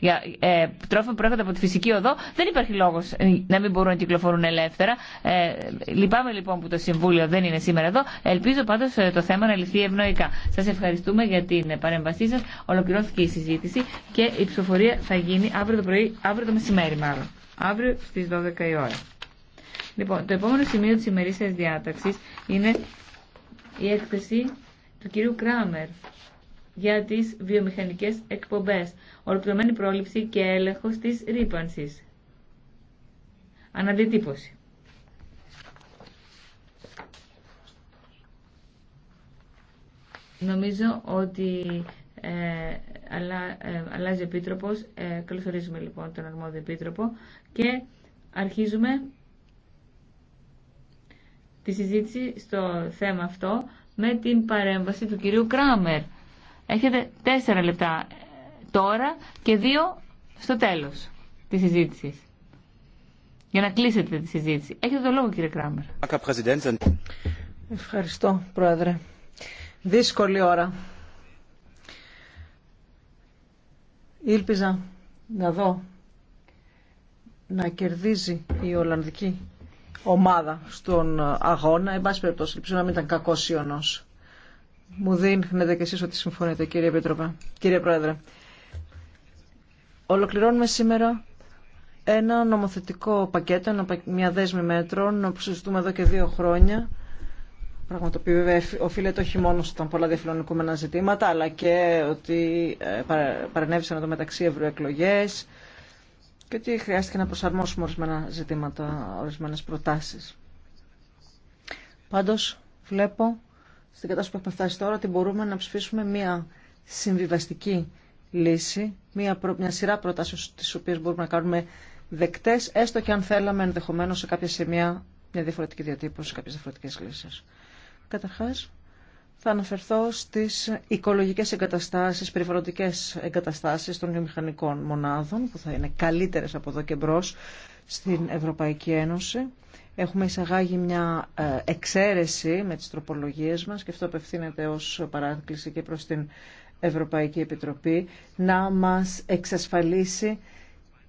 για ε, τρόφιμα που προέρχονται από τη φυσική οδό, δεν υπάρχει λόγο ε, να μην μπορούν να κυκλοφορούν ελεύθερα. Ε, λυπάμαι λοιπόν που το Συμβούλιο δεν είναι σήμερα εδώ. Ελπίζω πάντω ε, το θέμα να λυθεί ευνοϊκά. Σα ευχαριστούμε για την παρέμβασή σα. Ολοκληρώθηκε η συζήτηση και η ψηφοφορία θα γίνει αύριο το πρωί, αύριο το μεσημέρι μάλλον. Αύριο στι 12 η ώρα. Λοιπόν, το επόμενο σημείο τη ημερήσια διάταξη είναι η έκθεση του κυρίου Κράμερ για τις βιομηχανικές εκπομπές, ολοκληρωμένη πρόληψη και έλεγχος της ρήπανσης. Αναδιατύπωση. Νομίζω ότι ε, αλλά, ε, αλλάζει ο Επίτροπος. Ε, καλωσορίζουμε λοιπόν τον αρμόδιο Επίτροπο και αρχίζουμε τη συζήτηση στο θέμα αυτό με την παρέμβαση του κυρίου Κράμερ. Έχετε τέσσερα λεπτά τώρα και δύο στο τέλος της συζήτησης. Για να κλείσετε τη συζήτηση. Έχετε το λόγο κύριε Κράμερ. Ευχαριστώ πρόεδρε. Δύσκολη ώρα. Ήλπιζα να δω να κερδίζει η Ολλανδική ομάδα στον αγώνα. Εν πάση περιπτώσει, να μην ήταν κακό ιονός. Μου δείχνετε κι εσείς ότι συμφωνείτε κύριε Κύριε Πρόεδρε, ολοκληρώνουμε σήμερα ένα νομοθετικό πακέτο, μια δέσμη μέτρων που συζητούμε εδώ και δύο χρόνια. Πράγμα το οποίο βέβαια οφείλεται όχι μόνο στα πολλά διαφιλονικούμενα ζητήματα, αλλά και ότι ε, παρενέβησαν εδώ μεταξύ ευρωεκλογέ και ότι χρειάστηκε να προσαρμόσουμε ορισμένα ζητήματα, ορισμένε προτάσει. Πάντω βλέπω στην κατάσταση που έχουμε φτάσει τώρα ότι μπορούμε να ψηφίσουμε μία συμβιβαστική λύση, μία μια σειρά προτάσεων τις οποίες μπορούμε να κάνουμε δεκτές, έστω και αν θέλαμε ενδεχομένω σε κάποια σημεία μια διαφορετική διατύπωση, κάποιες διαφορετικές λύσεις. Καταρχάς, θα αναφερθώ στις οικολογικές εγκαταστάσεις, περιβαλλοντικές εγκαταστάσεις των βιομηχανικών μονάδων, που θα είναι καλύτερες από εδώ και μπρος στην Ευρωπαϊκή Ένωση. Έχουμε εισαγάγει μια ε, εξαίρεση με τις τροπολογίες μας και αυτό απευθύνεται ως παράκληση και προς την Ευρωπαϊκή Επιτροπή να μας εξασφαλίσει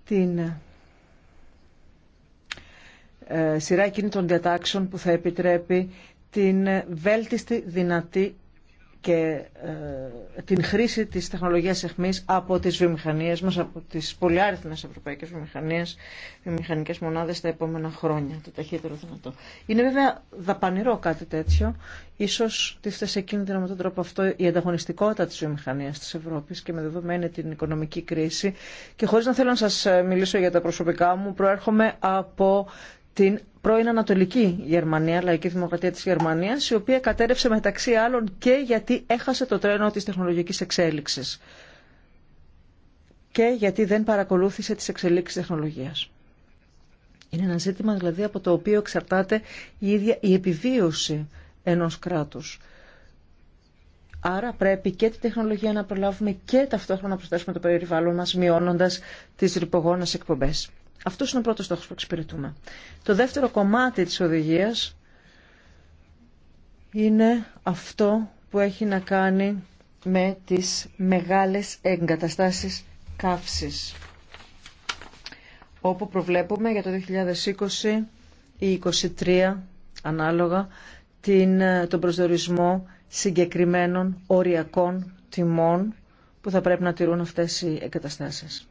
την ε, σειρά εκείνη των διατάξεων που θα επιτρέπει την βέλτιστη δυνατή και ε, την χρήση της τεχνολογίας εχμής από τις βιομηχανίες μας, από τις πολυάριθμες ευρωπαϊκές βιομηχανίες, βιομηχανικές μονάδες τα επόμενα χρόνια, το ταχύτερο δυνατό. Είναι βέβαια δαπανηρό κάτι τέτοιο. Ίσως τίθεται σε κίνδυνο με τον τρόπο αυτό η ανταγωνιστικότητα της βιομηχανίας της Ευρώπης και με δεδομένη την οικονομική κρίση. Και χωρίς να θέλω να σας μιλήσω για τα προσωπικά μου, προέρχομαι από την πρώην Ανατολική Γερμανία, λαϊκή δημοκρατία τη Γερμανία, η οποία κατέρευσε μεταξύ άλλων και γιατί έχασε το τρένο τη τεχνολογική εξέλιξη και γιατί δεν παρακολούθησε τις εξελίξεις τεχνολογία. Είναι ένα ζήτημα δηλαδή από το οποίο εξαρτάται η ίδια η επιβίωση ενός κράτους. Άρα πρέπει και τη τεχνολογία να προλάβουμε και ταυτόχρονα να προσθέσουμε το περιβάλλον μας μειώνοντας τις ρηπογόνες εκπομπές. Αυτό είναι ο πρώτο στόχο που εξυπηρετούμε. Το δεύτερο κομμάτι τη οδηγία είναι αυτό που έχει να κάνει με τις μεγάλες εγκαταστάσεις καύσης όπου προβλέπουμε για το 2020 ή 2023 ανάλογα την, τον προσδιορισμό συγκεκριμένων οριακών τιμών που θα πρέπει να τηρούν αυτές οι εγκαταστάσεις.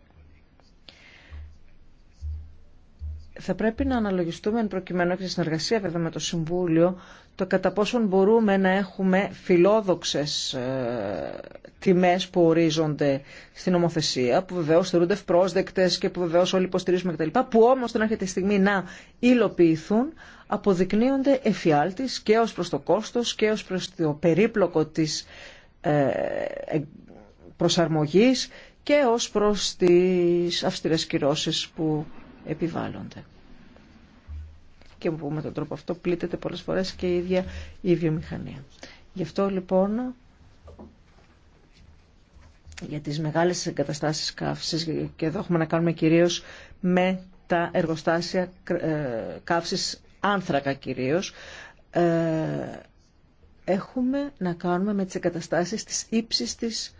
θα πρέπει να αναλογιστούμε εν προκειμένου και σε συνεργασία βέβαια με το Συμβούλιο το κατά πόσον μπορούμε να έχουμε φιλόδοξες ε, τιμές που ορίζονται στην ομοθεσία, που βεβαίως θεωρούνται ευπρόσδεκτες και που βεβαίως όλοι υποστηρίζουμε κτλ. που όμως όταν έρχεται τη στιγμή να υλοποιηθούν, αποδεικνύονται εφιάλτης και ως προς το κόστος και ως προς το περίπλοκο της ε, ε προσαρμογής και ως προς τις αυστηρές κυρώσεις που επιβάλλονται. Και που με τον τρόπο αυτό πλήττεται πολλές φορές και η ίδια η βιομηχανία. Γι' αυτό λοιπόν για τις μεγάλες εγκαταστάσεις καύσης και εδώ έχουμε να κάνουμε κυρίως με τα εργοστάσια ε, καύσης άνθρακα κυρίως ε, έχουμε να κάνουμε με τις εγκαταστάσεις της ύψης της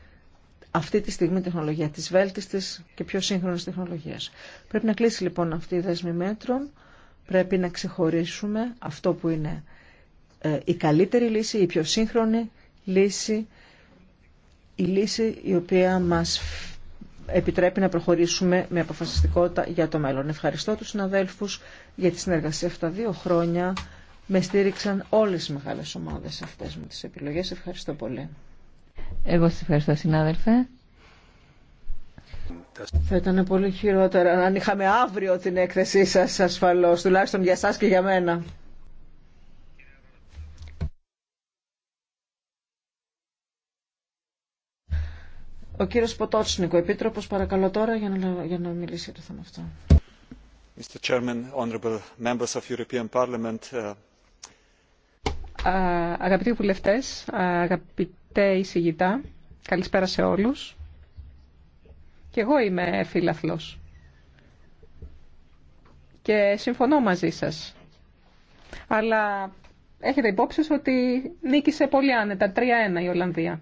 αυτή τη στιγμή τεχνολογία, της βέλτιστης και πιο σύγχρονης τεχνολογίας. Πρέπει να κλείσει λοιπόν αυτή η δέσμη μέτρων, πρέπει να ξεχωρίσουμε αυτό που είναι ε, η καλύτερη λύση, η πιο σύγχρονη λύση, η λύση η οποία μας επιτρέπει να προχωρήσουμε με αποφασιστικότητα για το μέλλον. Ευχαριστώ τους συναδέλφους για τη συνεργασία αυτά δύο χρόνια. Με στήριξαν όλες οι μεγάλες ομάδες αυτές με τις επιλογές. Ευχαριστώ πολύ. Εγώ σας ευχαριστώ συνάδελφε. Θα ήταν πολύ χειρότερα αν είχαμε αύριο την έκθεσή σας ασφαλώς, τουλάχιστον για σας και για μένα. Ο κύριος Ποτότσνικο, Επίτροπος, παρακαλώ τώρα για να, για να μιλήσει το θέμα αυτό. Mr. Chairman, honorable members of European Parliament, uh, Αγαπητοί βουλευτές, αγαπητέ εισηγητά, καλησπέρα σε όλους. Και εγώ είμαι φίλαθλος. Και συμφωνώ μαζί σας. Αλλά έχετε υπόψη ότι νίκησε πολύ άνετα, 3-1 η Ολλανδία.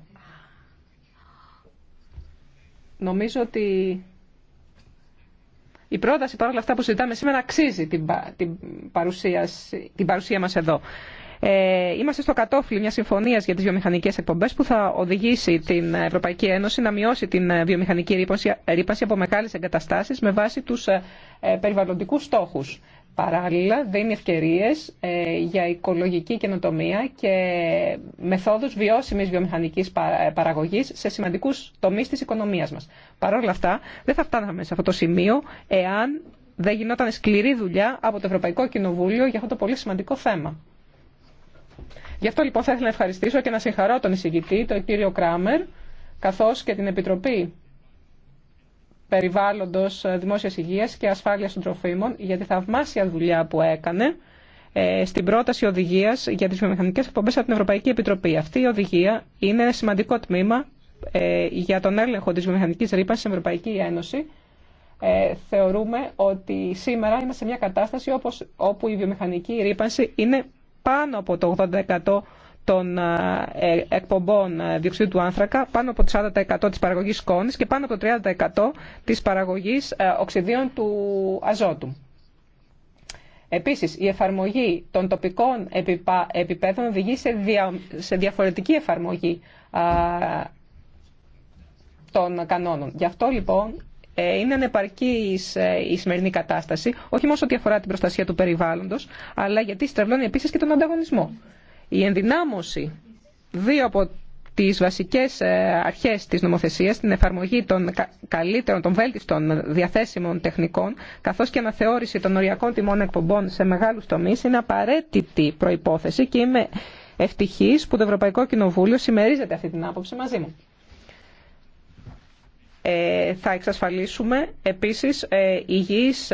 Νομίζω ότι η πρόταση παρόλα αυτά που συζητάμε σήμερα αξίζει την, παρουσία, την παρουσία μας εδώ. Ε, είμαστε στο κατόφλι μια συμφωνία για τι βιομηχανικέ εκπομπέ που θα οδηγήσει την Ευρωπαϊκή Ένωση να μειώσει την βιομηχανική ρήπαση από μεγάλε εγκαταστάσει με βάση του ε, ε, περιβαλλοντικού στόχου. Παράλληλα, δίνει ευκαιρίε για οικολογική καινοτομία και μεθόδου βιώσιμη βιομηχανική παραγωγή σε σημαντικού τομεί τη οικονομία μα. Παρ' όλα αυτά, δεν θα φτάναμε σε αυτό το σημείο εάν δεν γινόταν σκληρή δουλειά από το Ευρωπαϊκό Κοινοβούλιο για αυτό το πολύ σημαντικό θέμα. Γι' αυτό λοιπόν θα ήθελα να ευχαριστήσω και να συγχαρώ τον εισηγητή, τον κύριο Κράμερ, καθώς και την Επιτροπή Περιβάλλοντος ε, Δημόσιας Υγείας και Ασφάλειας των Τροφίμων για τη θαυμάσια δουλειά που έκανε ε, στην πρόταση οδηγία για τι βιομηχανικέ εκπομπέ από την Ευρωπαϊκή Επιτροπή. Αυτή η οδηγία είναι σημαντικό τμήμα ε, για τον έλεγχο τη βιομηχανική ρήπανση στην Ευρωπαϊκή Ένωση. θεωρούμε ότι σήμερα είμαστε σε μια κατάσταση όπως, όπου η βιομηχανική ρήπανση είναι πάνω από το 80% των ε, ε, εκπομπών ε, διοξιδίου του άνθρακα, πάνω από το 40% της παραγωγής σκόνης και πάνω από το 30% της παραγωγής οξυδίων του αζότου. Επίσης, η εφαρμογή των τοπικών επιπέδων οδηγεί σε διαφορετική εφαρμογή των κανόνων. Γι' αυτό, λοιπόν, ε, είναι ανεπαρκή ε, η σημερινή κατάσταση, όχι μόνο ό,τι αφορά την προστασία του περιβάλλοντο, αλλά γιατί στρεβλώνει επίση και τον ανταγωνισμό. Η ενδυνάμωση δύο από τις βασικές ε, αρχέ τη νομοθεσία, την εφαρμογή των καλύτερων, των βέλτιστων διαθέσιμων τεχνικών, καθώ και αναθεώρηση των οριακών τιμών εκπομπών σε μεγάλου τομεί, είναι απαραίτητη προπόθεση και είμαι ευτυχή που το Ευρωπαϊκό Κοινοβούλιο συμμερίζεται αυτή την άποψη μαζί μου. Ε, θα εξασφαλίσουμε επίσης ε, υγιείς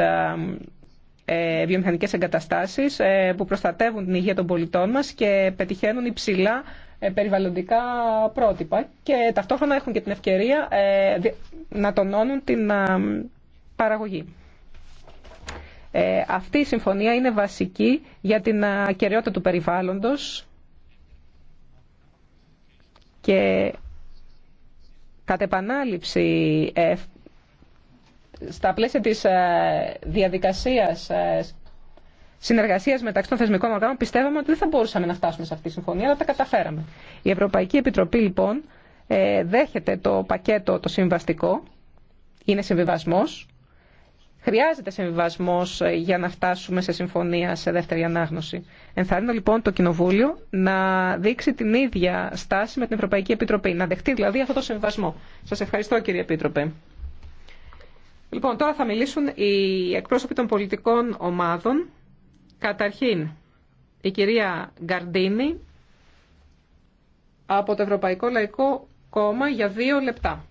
ε, βιομηχανικές εγκαταστάσεις που προστατεύουν την υγεία των πολιτών μας και πετυχαίνουν υψηλά περιβαλλοντικά πρότυπα και ταυτόχρονα έχουν και την ευκαιρία να τονώνουν την παραγωγή. Αυτή η συμφωνία είναι βασική για την κυριότητα του περιβάλλοντος και κατ' επανάληψη ε, στα πλαίσια της ε, διαδικασίας ε, συνεργασία μεταξύ των θεσμικών οργάνων, πιστεύαμε ότι δεν θα μπορούσαμε να φτάσουμε σε αυτή τη συμφωνία, αλλά τα καταφέραμε. Η Ευρωπαϊκή Επιτροπή, λοιπόν, δέχεται το πακέτο το συμβαστικό, είναι συμβιβασμό Χρειάζεται συμβιβασμό ε, για να φτάσουμε σε συμφωνία σε δεύτερη ανάγνωση. Ενθαρρύνω λοιπόν το Κοινοβούλιο να δείξει την ίδια στάση με την Ευρωπαϊκή Επιτροπή, να δεχτεί δηλαδή αυτό το συμβιβασμό. Σα ευχαριστώ κύριε Επίτροπε. Λοιπόν, τώρα θα μιλήσουν οι εκπρόσωποι των πολιτικών ομάδων. Καταρχήν, η κυρία Γκαρντίνη από το Ευρωπαϊκό Λαϊκό Κόμμα για δύο λεπτά.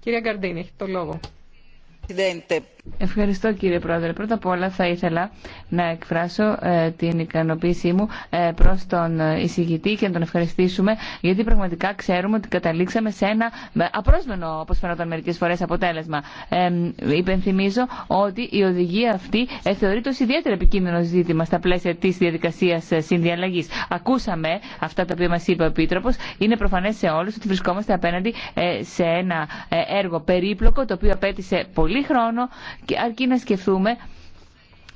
Κυρία Γκαρντίνη, το λόγο presidente Ευχαριστώ κύριε Πρόεδρε. Πρώτα απ' όλα θα ήθελα να εκφράσω ε, την ικανοποίησή μου ε, προς τον εισηγητή και να τον ευχαριστήσουμε γιατί πραγματικά ξέρουμε ότι καταλήξαμε σε ένα απρόσμενο όπως φαίνονταν μερικές φορές αποτέλεσμα. Ε, υπενθυμίζω ότι η οδηγία αυτή θεωρείται ως ιδιαίτερα επικίνδυνο ζήτημα στα πλαίσια της διαδικασίας συνδιαλλαγής. Ακούσαμε αυτά τα οποία μας είπε ο επίτροπο, Είναι προφανές σε όλους ότι βρισκόμαστε απέναντι σε ένα έργο περίπλοκο το οποίο απέτησε πολύ χρόνο αρκεί να σκεφτούμε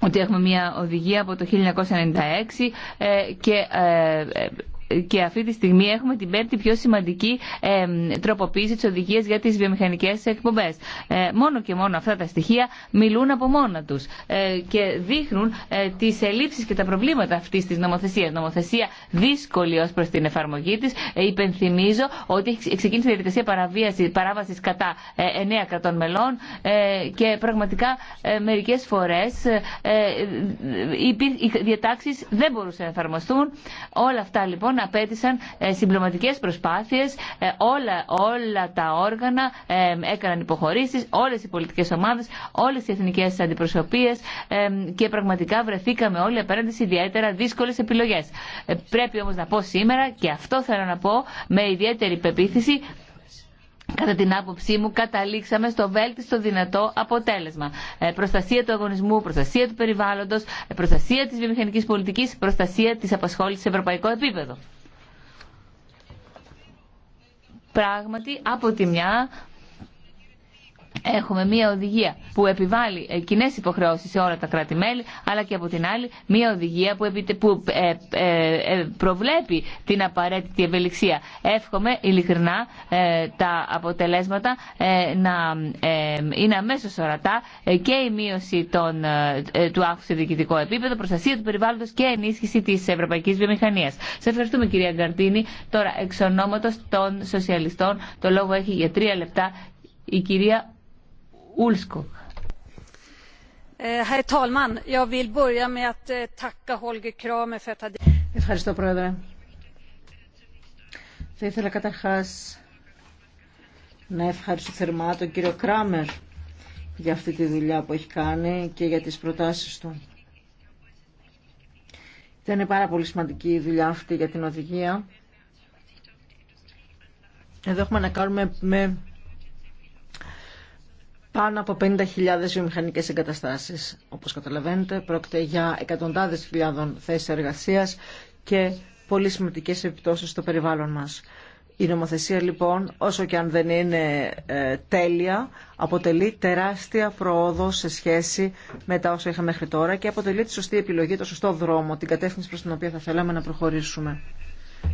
ότι έχουμε μια οδηγία από το 1996 ε, και ε, ε, και αυτή τη στιγμή έχουμε την πέμπτη πιο σημαντική τροποποίηση τη οδηγία για τι βιομηχανικέ εκπομπέ. Ε, μόνο και μόνο αυτά τα στοιχεία μιλούν από μόνα του ε, και δείχνουν ε, τι ελλείψει και τα προβλήματα αυτή τη νομοθεσία. Νομοθεσία δύσκολη ω προ την εφαρμογή τη. υπενθυμίζω ότι ξεκίνησε η διαδικασία παράβαση κατά εννέα κρατών μελών και πραγματικά μερικέ φορέ οι διατάξει δεν μπορούσαν να εφαρμοστούν. Όλα αυτά λοιπόν ε, απέτησαν συμπληρωματικές προσπάθειες, ε, όλα, όλα τα όργανα ε, έκαναν υποχωρήσεις, όλες οι πολιτικές ομάδες, όλες οι εθνικές αντιπροσωπείες ε, και πραγματικά βρεθήκαμε όλοι απέναντι σε ιδιαίτερα δύσκολες επιλογές. Πρέπει όμως να πω σήμερα και αυτό θέλω να πω με ιδιαίτερη πεποίθηση Κατά την άποψή μου, καταλήξαμε στο βέλτιστο δυνατό αποτέλεσμα. Ε, προστασία του αγωνισμού, προστασία του περιβάλλοντο, ε, προστασία τη βιομηχανική πολιτική, προστασία τη απασχόληση σε ευρωπαϊκό επίπεδο. Πράγματι, από τη μια Έχουμε μία οδηγία που επιβάλλει ε, κοινέ υποχρεώσει σε όλα τα κράτη-μέλη, αλλά και από την άλλη μία οδηγία που ε, ε, προβλέπει την απαραίτητη ευελιξία. Εύχομαι ειλικρινά τα αποτελέσματα να είναι αμέσω ορατά και η μείωση των, του άκου σε διοικητικό επίπεδο, προστασία του περιβάλλοντο και ενίσχυση τη ευρωπαϊκή βιομηχανία. Σα ευχαριστούμε κυρία Γκαρτίνη. Τώρα εξ ονόματο των σοσιαλιστών το λόγο έχει για τρία λεπτά η κυρία Ευχαριστώ, Πρόεδρε. Θα ήθελα καταρχάς να ευχαριστώ θερμά τον κύριο Κράμερ για αυτή τη δουλειά που έχει κάνει και για τις προτάσεις του. Δεν είναι πάρα πολύ σημαντική η δουλειά αυτή για την οδηγία. Εδώ έχουμε να κάνουμε με πάνω από 50.000 βιομηχανικές εγκαταστάσεις. Όπως καταλαβαίνετε, πρόκειται για εκατοντάδες χιλιάδων θέσεις εργασίας και πολύ σημαντικέ επιπτώσεις στο περιβάλλον μας. Η νομοθεσία λοιπόν, όσο και αν δεν είναι ε, τέλεια, αποτελεί τεράστια προόδο σε σχέση με τα όσα είχαμε μέχρι τώρα και αποτελεί τη σωστή επιλογή, το σωστό δρόμο, την κατεύθυνση προς την οποία θα θέλαμε να προχωρήσουμε.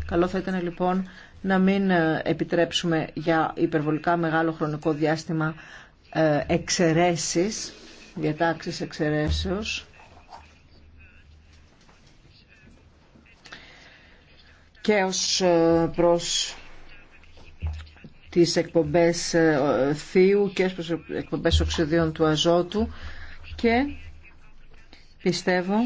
Καλό θα ήταν λοιπόν να μην ε, επιτρέψουμε για υπερβολικά μεγάλο χρονικό διάστημα ε, εξαιρέσεις, διατάξεις εξαιρέσεως και ως ε, προς τις εκπομπές ε, θείου και ως προς εκπομπές οξυδίων του αζότου και πιστεύω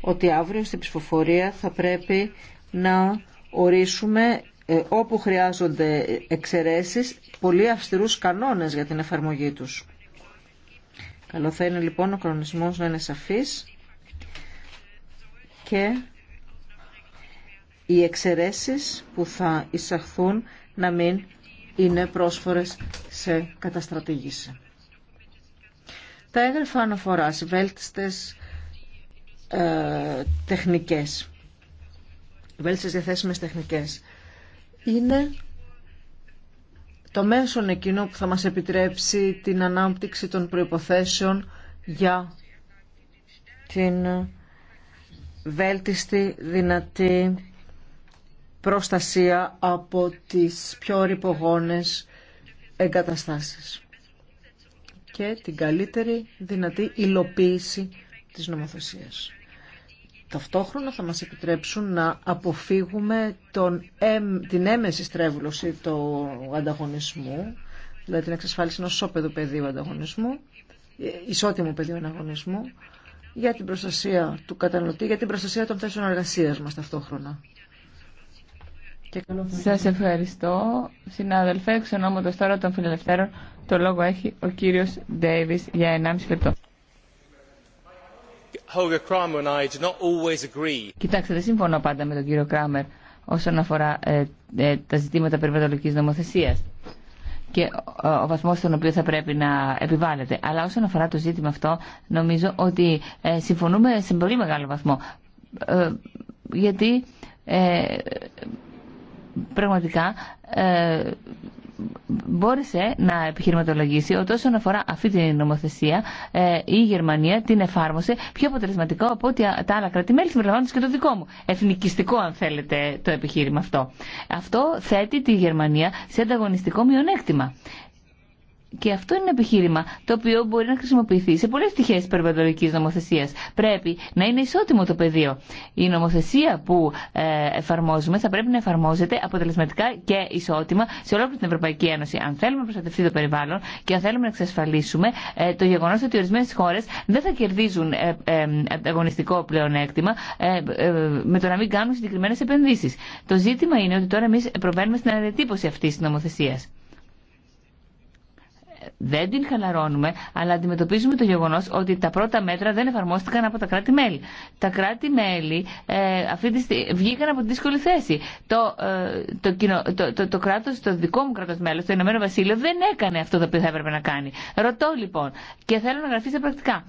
ότι αύριο στην ψηφοφορία θα πρέπει να ορίσουμε ε, όπου χρειάζονται εξαιρέσεις πολύ αυστηρούς κανόνες για την εφαρμογή τους. Καλό θα είναι λοιπόν ο κανονισμός να είναι σαφής και οι εξαιρέσει που θα εισαχθούν να μην είναι πρόσφορες σε καταστρατήγηση. Τα έγγραφα αναφορά βέλτιστες ε, τεχνικές, βέλτιστες διαθέσιμες τεχνικές είναι το μέσον εκείνο που θα μας επιτρέψει την ανάπτυξη των προϋποθέσεων για την βέλτιστη δυνατή προστασία από τις πιο ρηπογόνες εγκαταστάσεις και την καλύτερη δυνατή υλοποίηση της νομοθεσίας ταυτόχρονα θα μας επιτρέψουν να αποφύγουμε τον, την έμεση στρέβλωση του ανταγωνισμού, δηλαδή την εξασφάλιση ενός ισόπεδου πεδίου ανταγωνισμού, ισότιμου πεδίου ανταγωνισμού, για την προστασία του καταναλωτή, για την προστασία των θέσεων εργασίας μας ταυτόχρονα. Σας ευχαριστώ. Συνάδελφε, εξ ονόματος τώρα των φιλελευθέρων, το λόγο έχει ο κύριος Ντέιβις για 1,5 λεπτό. Κοιτάξτε, δεν συμφωνώ πάντα με τον κύριο Κράμερ όσον αφορά ε, ε, τα ζητήματα περιβαλλοντικής νομοθεσίας και ε, ο βαθμός στον οποίο θα πρέπει να επιβάλλεται. Αλλά όσον αφορά το ζήτημα αυτό, νομίζω ότι συμφωνούμε σε πολύ μεγάλο βαθμό. γιατί πραγματικά μπόρεσε να επιχειρηματολογήσει ότι όσον αφορά αυτή την νομοθεσία ε, η Γερμανία την εφάρμοσε πιο αποτελεσματικό από ό,τι τα άλλα κρατημέλη συμπεριλαμβάνοντα και το δικό μου. Εθνικιστικό, αν θέλετε, το επιχείρημα αυτό. Αυτό θέτει τη Γερμανία σε ανταγωνιστικό μειονέκτημα. Και αυτό είναι ένα επιχείρημα το οποίο μπορεί να χρησιμοποιηθεί σε πολλέ πτυχέ τη περιβαλλοντική νομοθεσία. Πρέπει να είναι ισότιμο το πεδίο. Η νομοθεσία που ε, εφαρμόζουμε θα πρέπει να εφαρμόζεται αποτελεσματικά και ισότιμα σε ολόκληρη την Ευρωπαϊκή Ένωση. Αν θέλουμε να προστατευτεί το περιβάλλον και αν θέλουμε να εξασφαλίσουμε ε, το γεγονό ότι ορισμένε χώρε δεν θα κερδίζουν ε, αγωνιστικό πλεονέκτημα με το να μην κάνουν συγκεκριμένε επενδύσει. Το ζήτημα είναι ότι τώρα εμεί προβαίνουμε στην αναδιατύπωση αυτή τη νομοθεσία δεν την χαλαρώνουμε, αλλά αντιμετωπίζουμε το γεγονό ότι τα πρώτα μέτρα δεν εφαρμόστηκαν από τα κράτη-μέλη. Τα κράτη-μέλη ε, βγήκαν από τη δύσκολη θέση. Το, ε, το, το, κράτος, το δικό μου κράτο μέλο, το Ηνωμένο Βασίλειο, δεν έκανε αυτό το οποίο θα έπρεπε να κάνει. Ρωτώ λοιπόν και θέλω να γραφεί στα πρακτικά.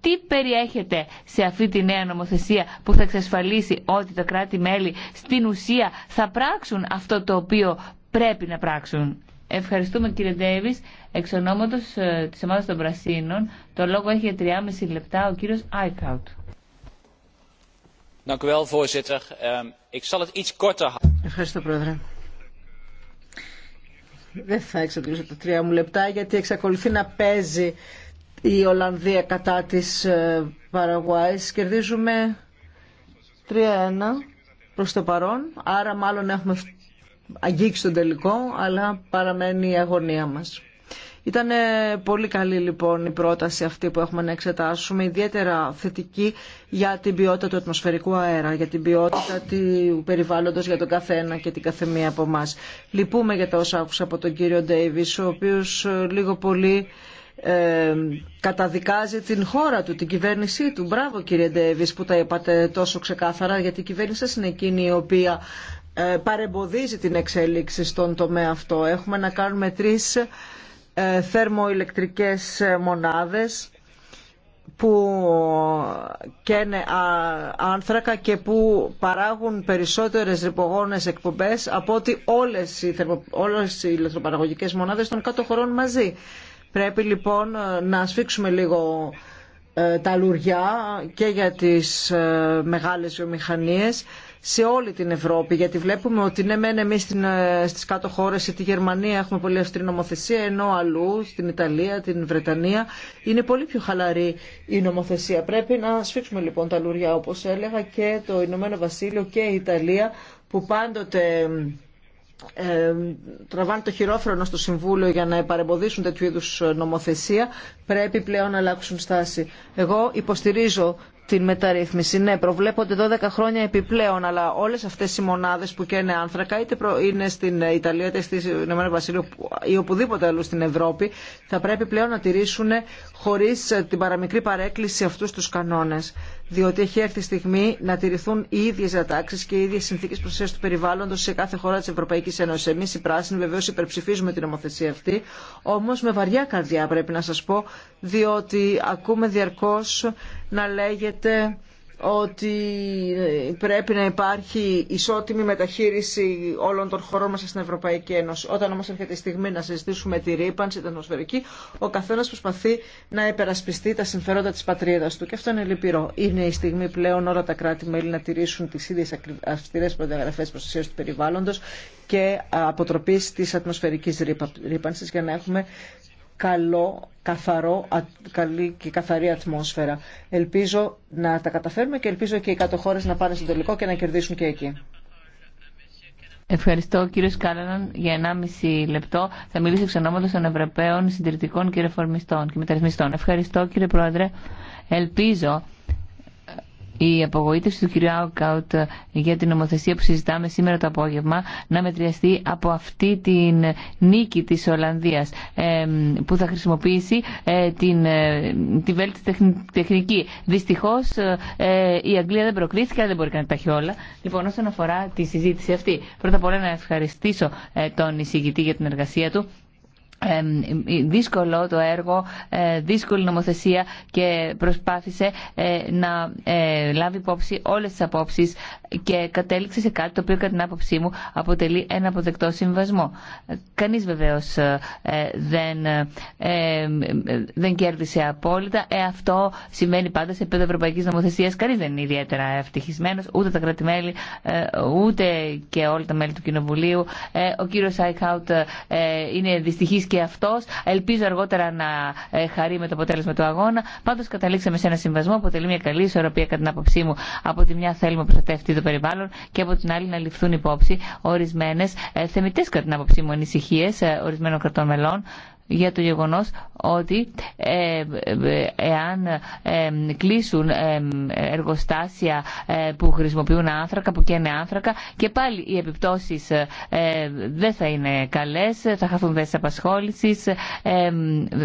Τι περιέχεται σε αυτή τη νέα νομοθεσία που θα εξασφαλίσει ότι τα κράτη-μέλη στην ουσία θα πράξουν αυτό το οποίο πρέπει να πράξουν. Ευχαριστούμε κύριε Ντέιβις. Εξ ονόματος ε, της ομάδα των Πρασίνων, το λόγο έχει για 3,5 λεπτά ο κύριος Άικαουτ. Ehm, Ευχαριστώ πρόεδρε. Δεν θα εξαντλήσω τα τρία μου λεπτά γιατί εξακολουθεί να παίζει η Ολλανδία κατά της ε, Παραγουάης. Κερδίζουμε 3-1 προς το παρόν, άρα μάλλον έχουμε αγγίξει τον τελικό, αλλά παραμένει η αγωνία μας. Ήταν πολύ καλή λοιπόν η πρόταση αυτή που έχουμε να εξετάσουμε, ιδιαίτερα θετική για την ποιότητα του ατμοσφαιρικού αέρα, για την ποιότητα του περιβάλλοντος για τον καθένα και την καθεμία από εμά. Λυπούμε για τα όσα άκουσα από τον κύριο Ντέιβις, ο οποίος ε, λίγο πολύ ε, καταδικάζει την χώρα του, την κυβέρνησή του. Μπράβο κύριε Ντέιβις που τα είπατε τόσο ξεκάθαρα γιατί η κυβέρνηση σας είναι εκείνη η οποία ε, παρεμποδίζει την εξέλιξη στον τομέα αυτό. Έχουμε να κάνουμε τρεις ε, θερμοηλεκτρικές μονάδες που καίνε άνθρακα και που παράγουν περισσότερες ρηπογόνες εκπομπές από ότι όλες οι, θερμο, όλες οι ηλεκτροπαραγωγικές μονάδες των κάτω χωρών μαζί. Πρέπει λοιπόν ε, να σφίξουμε λίγο τα λουριά και για τις μεγάλες βιομηχανίες σε όλη την Ευρώπη, γιατί βλέπουμε ότι ναι μεν εμείς ε, στις κάτω χώρες ή τη Γερμανία έχουμε πολύ αυστηρή νομοθεσία, ενώ αλλού στην Ιταλία, την Βρετανία είναι πολύ πιο χαλαρή η νομοθεσία. Πρέπει να σφίξουμε λοιπόν τα λουριά όπως έλεγα και το Ηνωμένο Βασίλειο και η Ιταλία που πάντοτε ε, τραβάνε το χειρόφρονο στο Συμβούλιο για να παρεμποδίσουν τέτοιου είδου νομοθεσία, πρέπει πλέον να αλλάξουν στάση. Εγώ υποστηρίζω την μεταρρύθμιση. Ναι, προβλέπονται 12 χρόνια επιπλέον, αλλά όλες αυτές οι μονάδες που καίνε άνθρακα, είτε είναι στην Ιταλία, είτε στην Ινωμένη Βασίλειο ή οπουδήποτε αλλού στην Ευρώπη, θα πρέπει πλέον να τηρήσουν χωρίς την παραμικρή παρέκκληση αυτού του κανόνε διότι έχει έρθει η στιγμή να τηρηθούν οι ίδιε διατάξει και οι ίδιε συνθήκε προστασία του περιβάλλοντο σε κάθε χώρα τη Ευρωπαϊκή Ένωση. Εμεί οι πράσινοι βεβαίω υπερψηφίζουμε την νομοθεσία αυτή, όμω με βαριά καρδιά πρέπει να σα πω, διότι ακούμε διαρκώ να λέγεται ότι ε, πρέπει να υπάρχει ισότιμη μεταχείριση όλων των χωρών μας στην Ευρωπαϊκή Ένωση. Όταν όμως έρχεται η στιγμή να συζητήσουμε τη ρήπανση, την ατμοσφαιρική, ο καθένας προσπαθεί να υπερασπιστεί τα συμφέροντα της πατρίδας του. Και αυτό είναι λυπηρό. Είναι η στιγμή πλέον όλα τα κράτη-μέλη να τηρήσουν τις ίδιες αυστηρές προδιαγραφές προστασία του περιβάλλοντος και αποτροπής της ατμοσφαιρικής ρήπανσης για να έχουμε καλό, καθαρό, καλή και καθαρή ατμόσφαιρα. Ελπίζω να τα καταφέρουμε και ελπίζω και οι κάτω χώρες να πάνε στο τελικό και να κερδίσουν και εκεί. Ευχαριστώ κύριο Σκάλαναν για 1,5 λεπτό. Θα μιλήσω εξ ονόματο των Ευρωπαίων Συντηρητικών και Ρεφορμιστών και Μεταρρυθμιστών. Ευχαριστώ κύριε Πρόεδρε. Ελπίζω η απογοήτευση του κυρίου Άουκαουτ για την νομοθεσία που συζητάμε σήμερα το απόγευμα να μετριαστεί από αυτή την νίκη της Ολλανδίας που θα χρησιμοποιήσει ε, την, ε, τη βέλτιστη τεχνική. Δυστυχώς ε, η Αγγλία δεν προκλήθηκε, δεν μπορεί να τα έχει όλα. Λοιπόν, όσον αφορά τη συζήτηση αυτή, πρώτα απ' όλα να ευχαριστήσω τον εισηγητή για την εργασία του δύσκολο το έργο, ε, δύσκολη νομοθεσία και προσπάθησε ε, να ε, λάβει υπόψη όλες τις απόψεις και κατέληξε σε κάτι το οποίο κατά την άποψή μου αποτελεί ένα αποδεκτό συμβασμό. Κανείς βεβαίως δεν, δεν κέρδισε απόλυτα. Ε, αυτό σημαίνει πάντα σε επίπεδο ευρωπαϊκής νομοθεσίας. Κανείς δεν είναι ιδιαίτερα ευτυχισμένος, ούτε τα κρατημέλη, ούτε και όλα τα μέλη του Κοινοβουλίου. Ο κύριος Άικχαουτ είναι δυστυχής και αυτός. Ελπίζω αργότερα να ε, χαρεί με το αποτέλεσμα του αγώνα. Πάντως καταλήξαμε σε ένα συμβασμό που αποτελεί μια καλή ισορροπία κατά την άποψή μου. Από τη μια θέλουμε να προστατευτεί το περιβάλλον και από την άλλη να ληφθούν υπόψη ορισμένες ε, θεμητέ κατά την άποψή μου ανησυχίες ε, ορισμένων κρατών μελών για το γεγονός ότι ε, ε, εάν ε, κλείσουν εργοστάσια που χρησιμοποιούν άνθρακα, που καίνε άνθρακα και πάλι οι επιπτώσεις δεν θα είναι καλές, θα χαθούν θέσεις απασχόλησης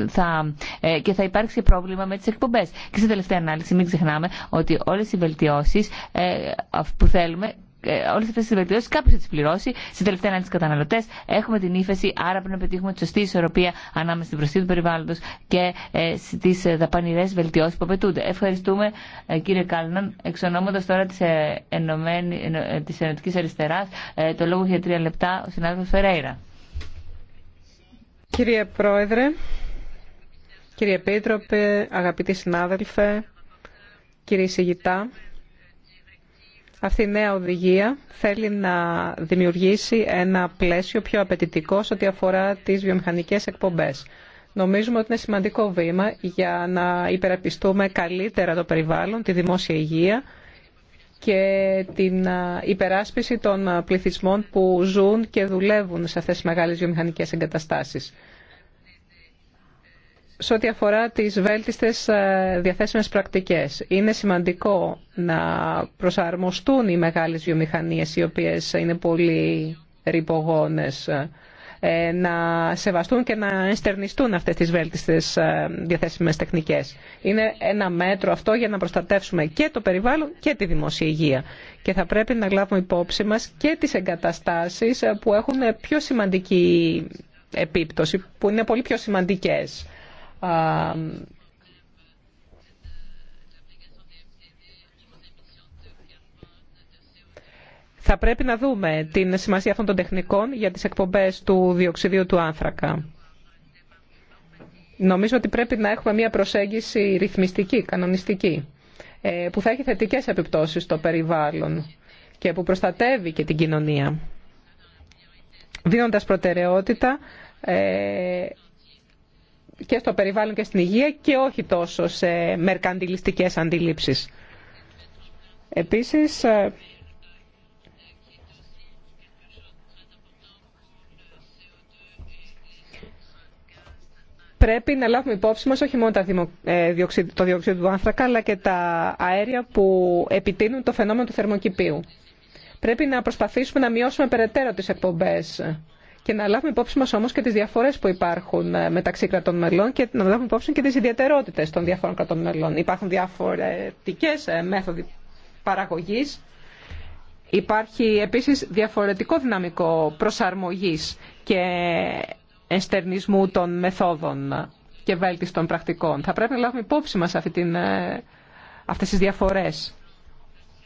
θα, και θα υπάρξει πρόβλημα με τις εκπομπές. Και στην τελευταία ανάλυση μην ξεχνάμε ότι όλες οι βελτιώσεις που θέλουμε ε, όλε αυτέ τι βελτιώσει κάποιο θα τι πληρώσει. Στην τελευταία ανάγκη του καταναλωτέ έχουμε την ύφεση, άρα πρέπει να πετύχουμε τη σωστή ισορροπία ανάμεσα στην προστασία του περιβάλλοντο και ε, στι ε, δαπανηρέ βελτιώσει που απαιτούνται. Ευχαριστούμε ε, κύριε Κάλναν. Εξ ονόματο τώρα τη ε, Ενωτική Αριστερά, το λόγο για τρία λεπτά ο συνάδελφο Φεραίρα. Κύριε Πρόεδρε, κύριε Πίτροπε, αγαπητοί συνάδελφε, κύριε Σιγητά, αυτή η νέα οδηγία θέλει να δημιουργήσει ένα πλαίσιο πιο απαιτητικό σε ό,τι αφορά τις βιομηχανικές εκπομπές. Νομίζουμε ότι είναι σημαντικό βήμα για να υπεραπιστούμε καλύτερα το περιβάλλον, τη δημόσια υγεία και την υπεράσπιση των πληθυσμών που ζουν και δουλεύουν σε αυτές τις μεγάλες βιομηχανικές εγκαταστάσεις σε ό,τι αφορά τις βέλτιστες ε, διαθέσιμες πρακτικές. Είναι σημαντικό να προσαρμοστούν οι μεγάλες βιομηχανίες οι οποίες είναι πολύ ρηπογόνες ε, να σεβαστούν και να ενστερνιστούν αυτές τις βέλτιστες ε, διαθέσιμες τεχνικές. Είναι ένα μέτρο αυτό για να προστατεύσουμε και το περιβάλλον και τη δημόσια υγεία. Και θα πρέπει να λάβουμε υπόψη μας και τις εγκαταστάσεις που έχουν πιο σημαντική επίπτωση, που είναι πολύ πιο σημαντικές θα πρέπει να δούμε την σημασία αυτών των τεχνικών για τις εκπομπές του διοξιδίου του άνθρακα. Νομίζω ότι πρέπει να έχουμε μια προσέγγιση ρυθμιστική, κανονιστική, ε, που θα έχει θετικές επιπτώσεις στο περιβάλλον και που προστατεύει και την κοινωνία, δίνοντας προτεραιότητα ε, και στο περιβάλλον και στην υγεία και όχι τόσο σε μερκαντιλιστικές αντιλήψεις. Επίσης, ε, πρέπει να λάβουμε υπόψη μας όχι μόνο ε, το διοξείδιο του άνθρακα, αλλά και τα αέρια που επιτείνουν το φαινόμενο του θερμοκηπίου. Πρέπει να προσπαθήσουμε να μειώσουμε περαιτέρω τις εκπομπές και να λάβουμε υπόψη μα όμω και τις διαφορές που υπάρχουν ε, μεταξύ κρατών μελών και να λάβουμε υπόψη και τι ιδιαιτερότητες των διαφόρων κρατών μελών. Υπάρχουν διαφορετικέ ε, μέθοδοι παραγωγής. Υπάρχει επίσης διαφορετικό δυναμικό προσαρμογής και εστερνισμού των μεθόδων και βέλτιστων πρακτικών. Θα πρέπει να λάβουμε υπόψη μα ε, αυτέ τι διαφορέ.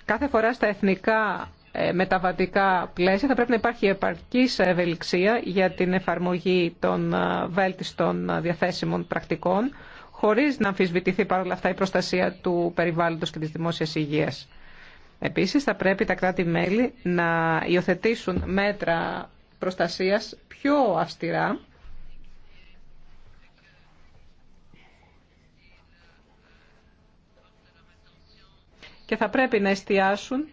Κάθε φορά στα εθνικά ε, μεταβατικά πλαίσια θα πρέπει να υπάρχει επαρκής ευελιξία για την εφαρμογή των ε, βέλτιστων ε, διαθέσιμων πρακτικών χωρίς να αμφισβητηθεί παρόλα αυτά η προστασία του περιβάλλοντος και της δημόσιας υγείας. Επίσης θα πρέπει τα κράτη-μέλη να υιοθετήσουν μέτρα προστασίας πιο αυστηρά και θα πρέπει να εστιάσουν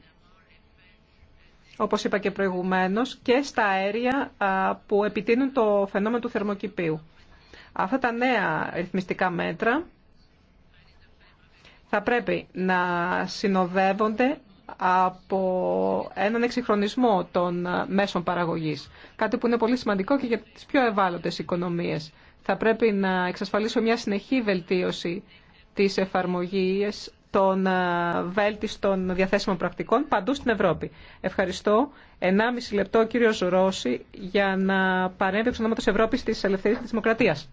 όπως είπα και προηγουμένως, και στα αέρια που επιτείνουν το φαινόμενο του θερμοκηπίου. Αυτά τα νέα ρυθμιστικά μέτρα θα πρέπει να συνοδεύονται από έναν εξυγχρονισμό των μέσων παραγωγής. Κάτι που είναι πολύ σημαντικό και για τις πιο ευάλωτες οικονομίες. Θα πρέπει να εξασφαλίσω μια συνεχή βελτίωση της εφαρμογής των ε, βέλτιστων διαθέσιμων πρακτικών παντού στην Ευρώπη. Ευχαριστώ. 1,5 λεπτό ο κύριος Ρώση για να παρέμβει ο Ξενόματος Ευρώπης της Ελευθερίας και της Δημοκρατίας.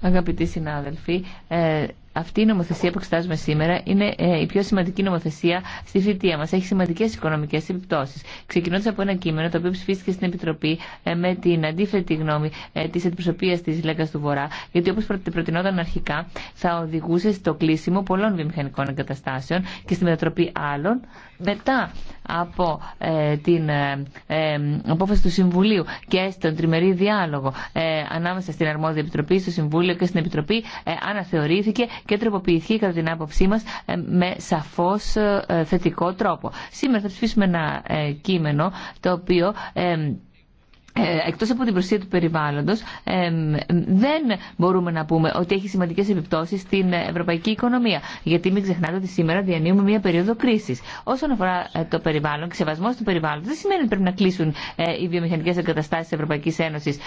Αγαπητοί συνάδελφοι, ε, αυτή η νομοθεσία που εξετάζουμε σήμερα είναι ε, η πιο σημαντική νομοθεσία στη θητεία μα. Έχει σημαντικέ οικονομικέ επιπτώσει. Ξεκινώντα από ένα κείμενο το οποίο ψηφίστηκε στην Επιτροπή ε, με την αντίθετη γνώμη ε, τη αντιπροσωπεία τη Λέγκα του Βορρά, γιατί όπω προτείνονταν αρχικά θα οδηγούσε στο κλείσιμο πολλών βιομηχανικών εγκαταστάσεων και στη μετατροπή άλλων μετά από την απόφαση του Συμβουλίου και στον τριμερή διάλογο ανάμεσα στην αρμόδια Επιτροπή, στο Συμβούλιο και στην Επιτροπή, αναθεωρήθηκε και τροποποιηθεί κατά την άποψή μα ε, με σαφώ ε, θετικό τρόπο. Σήμερα θα ψηφίσουμε ένα ε, κείμενο το οποίο ε, εκτός από την προστασία του περιβάλλοντος, δεν μπορούμε να πούμε ότι έχει σημαντικές επιπτώσεις στην ευρωπαϊκή οικονομία. Γιατί μην ξεχνάτε ότι σήμερα διανύουμε μια περίοδο κρίσης. Όσον αφορά ε, το περιβάλλον και σεβασμός του περιβάλλοντος, δεν σημαίνει ότι πρέπει να κλείσουν ε, οι βιομηχανικές εγκαταστάσεις της Ευρωπαϊκής Ένωσης.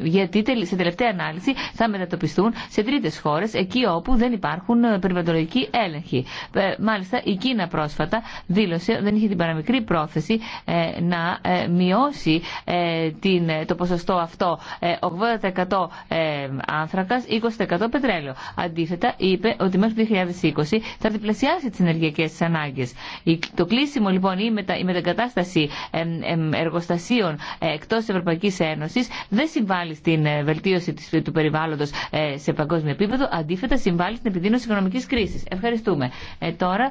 γιατί σε τελευταία ανάλυση θα μετατοπιστούν σε τρίτες χώρες, εκεί όπου δεν υπάρχουν περιβαλλοντικοί έλεγχοι. μάλιστα, η Κίνα πρόσφατα δήλωσε δεν είχε την παραμικρή πρόθεση να μειώσει την, ε, το ποσοστό αυτό 80% άνθρακα, 20% πετρέλαιο. Αντίθετα, είπε ότι μέχρι το 2020 θα διπλασιάσει τις ενεργειακές ανάγκες. Το κλείσιμο λοιπόν ή η μετακατάσταση εργοστασίων ε, εκτός της Ευρωπαϊκής Ένωσης δεν συμβάλλει στην ε, βελτίωση του περιβάλλοντος σε παγκόσμιο επίπεδο, αντίθετα συμβάλλει στην επιδείνωση οικονομικής κρίσης. Ευχαριστούμε. τώρα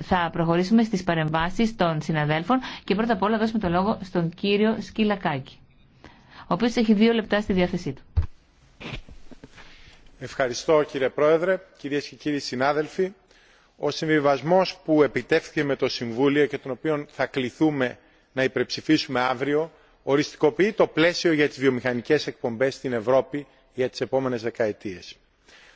θα προχωρήσουμε στις παρεμβάσεις των συναδέλφων και πρώτα απ' όλα δώσουμε το λόγο στον κύριο Σκύλα ο οποίος έχει δύο λεπτά στη διάθεσή του. Ευχαριστώ κύριε Πρόεδρε, κυρίες και κύριοι συνάδελφοι. Ο συμβιβασμός που επιτεύχθηκε με το Συμβούλιο και τον οποίο θα κληθούμε να υπερψηφίσουμε αύριο οριστικοποιεί το πλαίσιο για τις βιομηχανικές εκπομπές στην Ευρώπη για τις επόμενες δεκαετίες.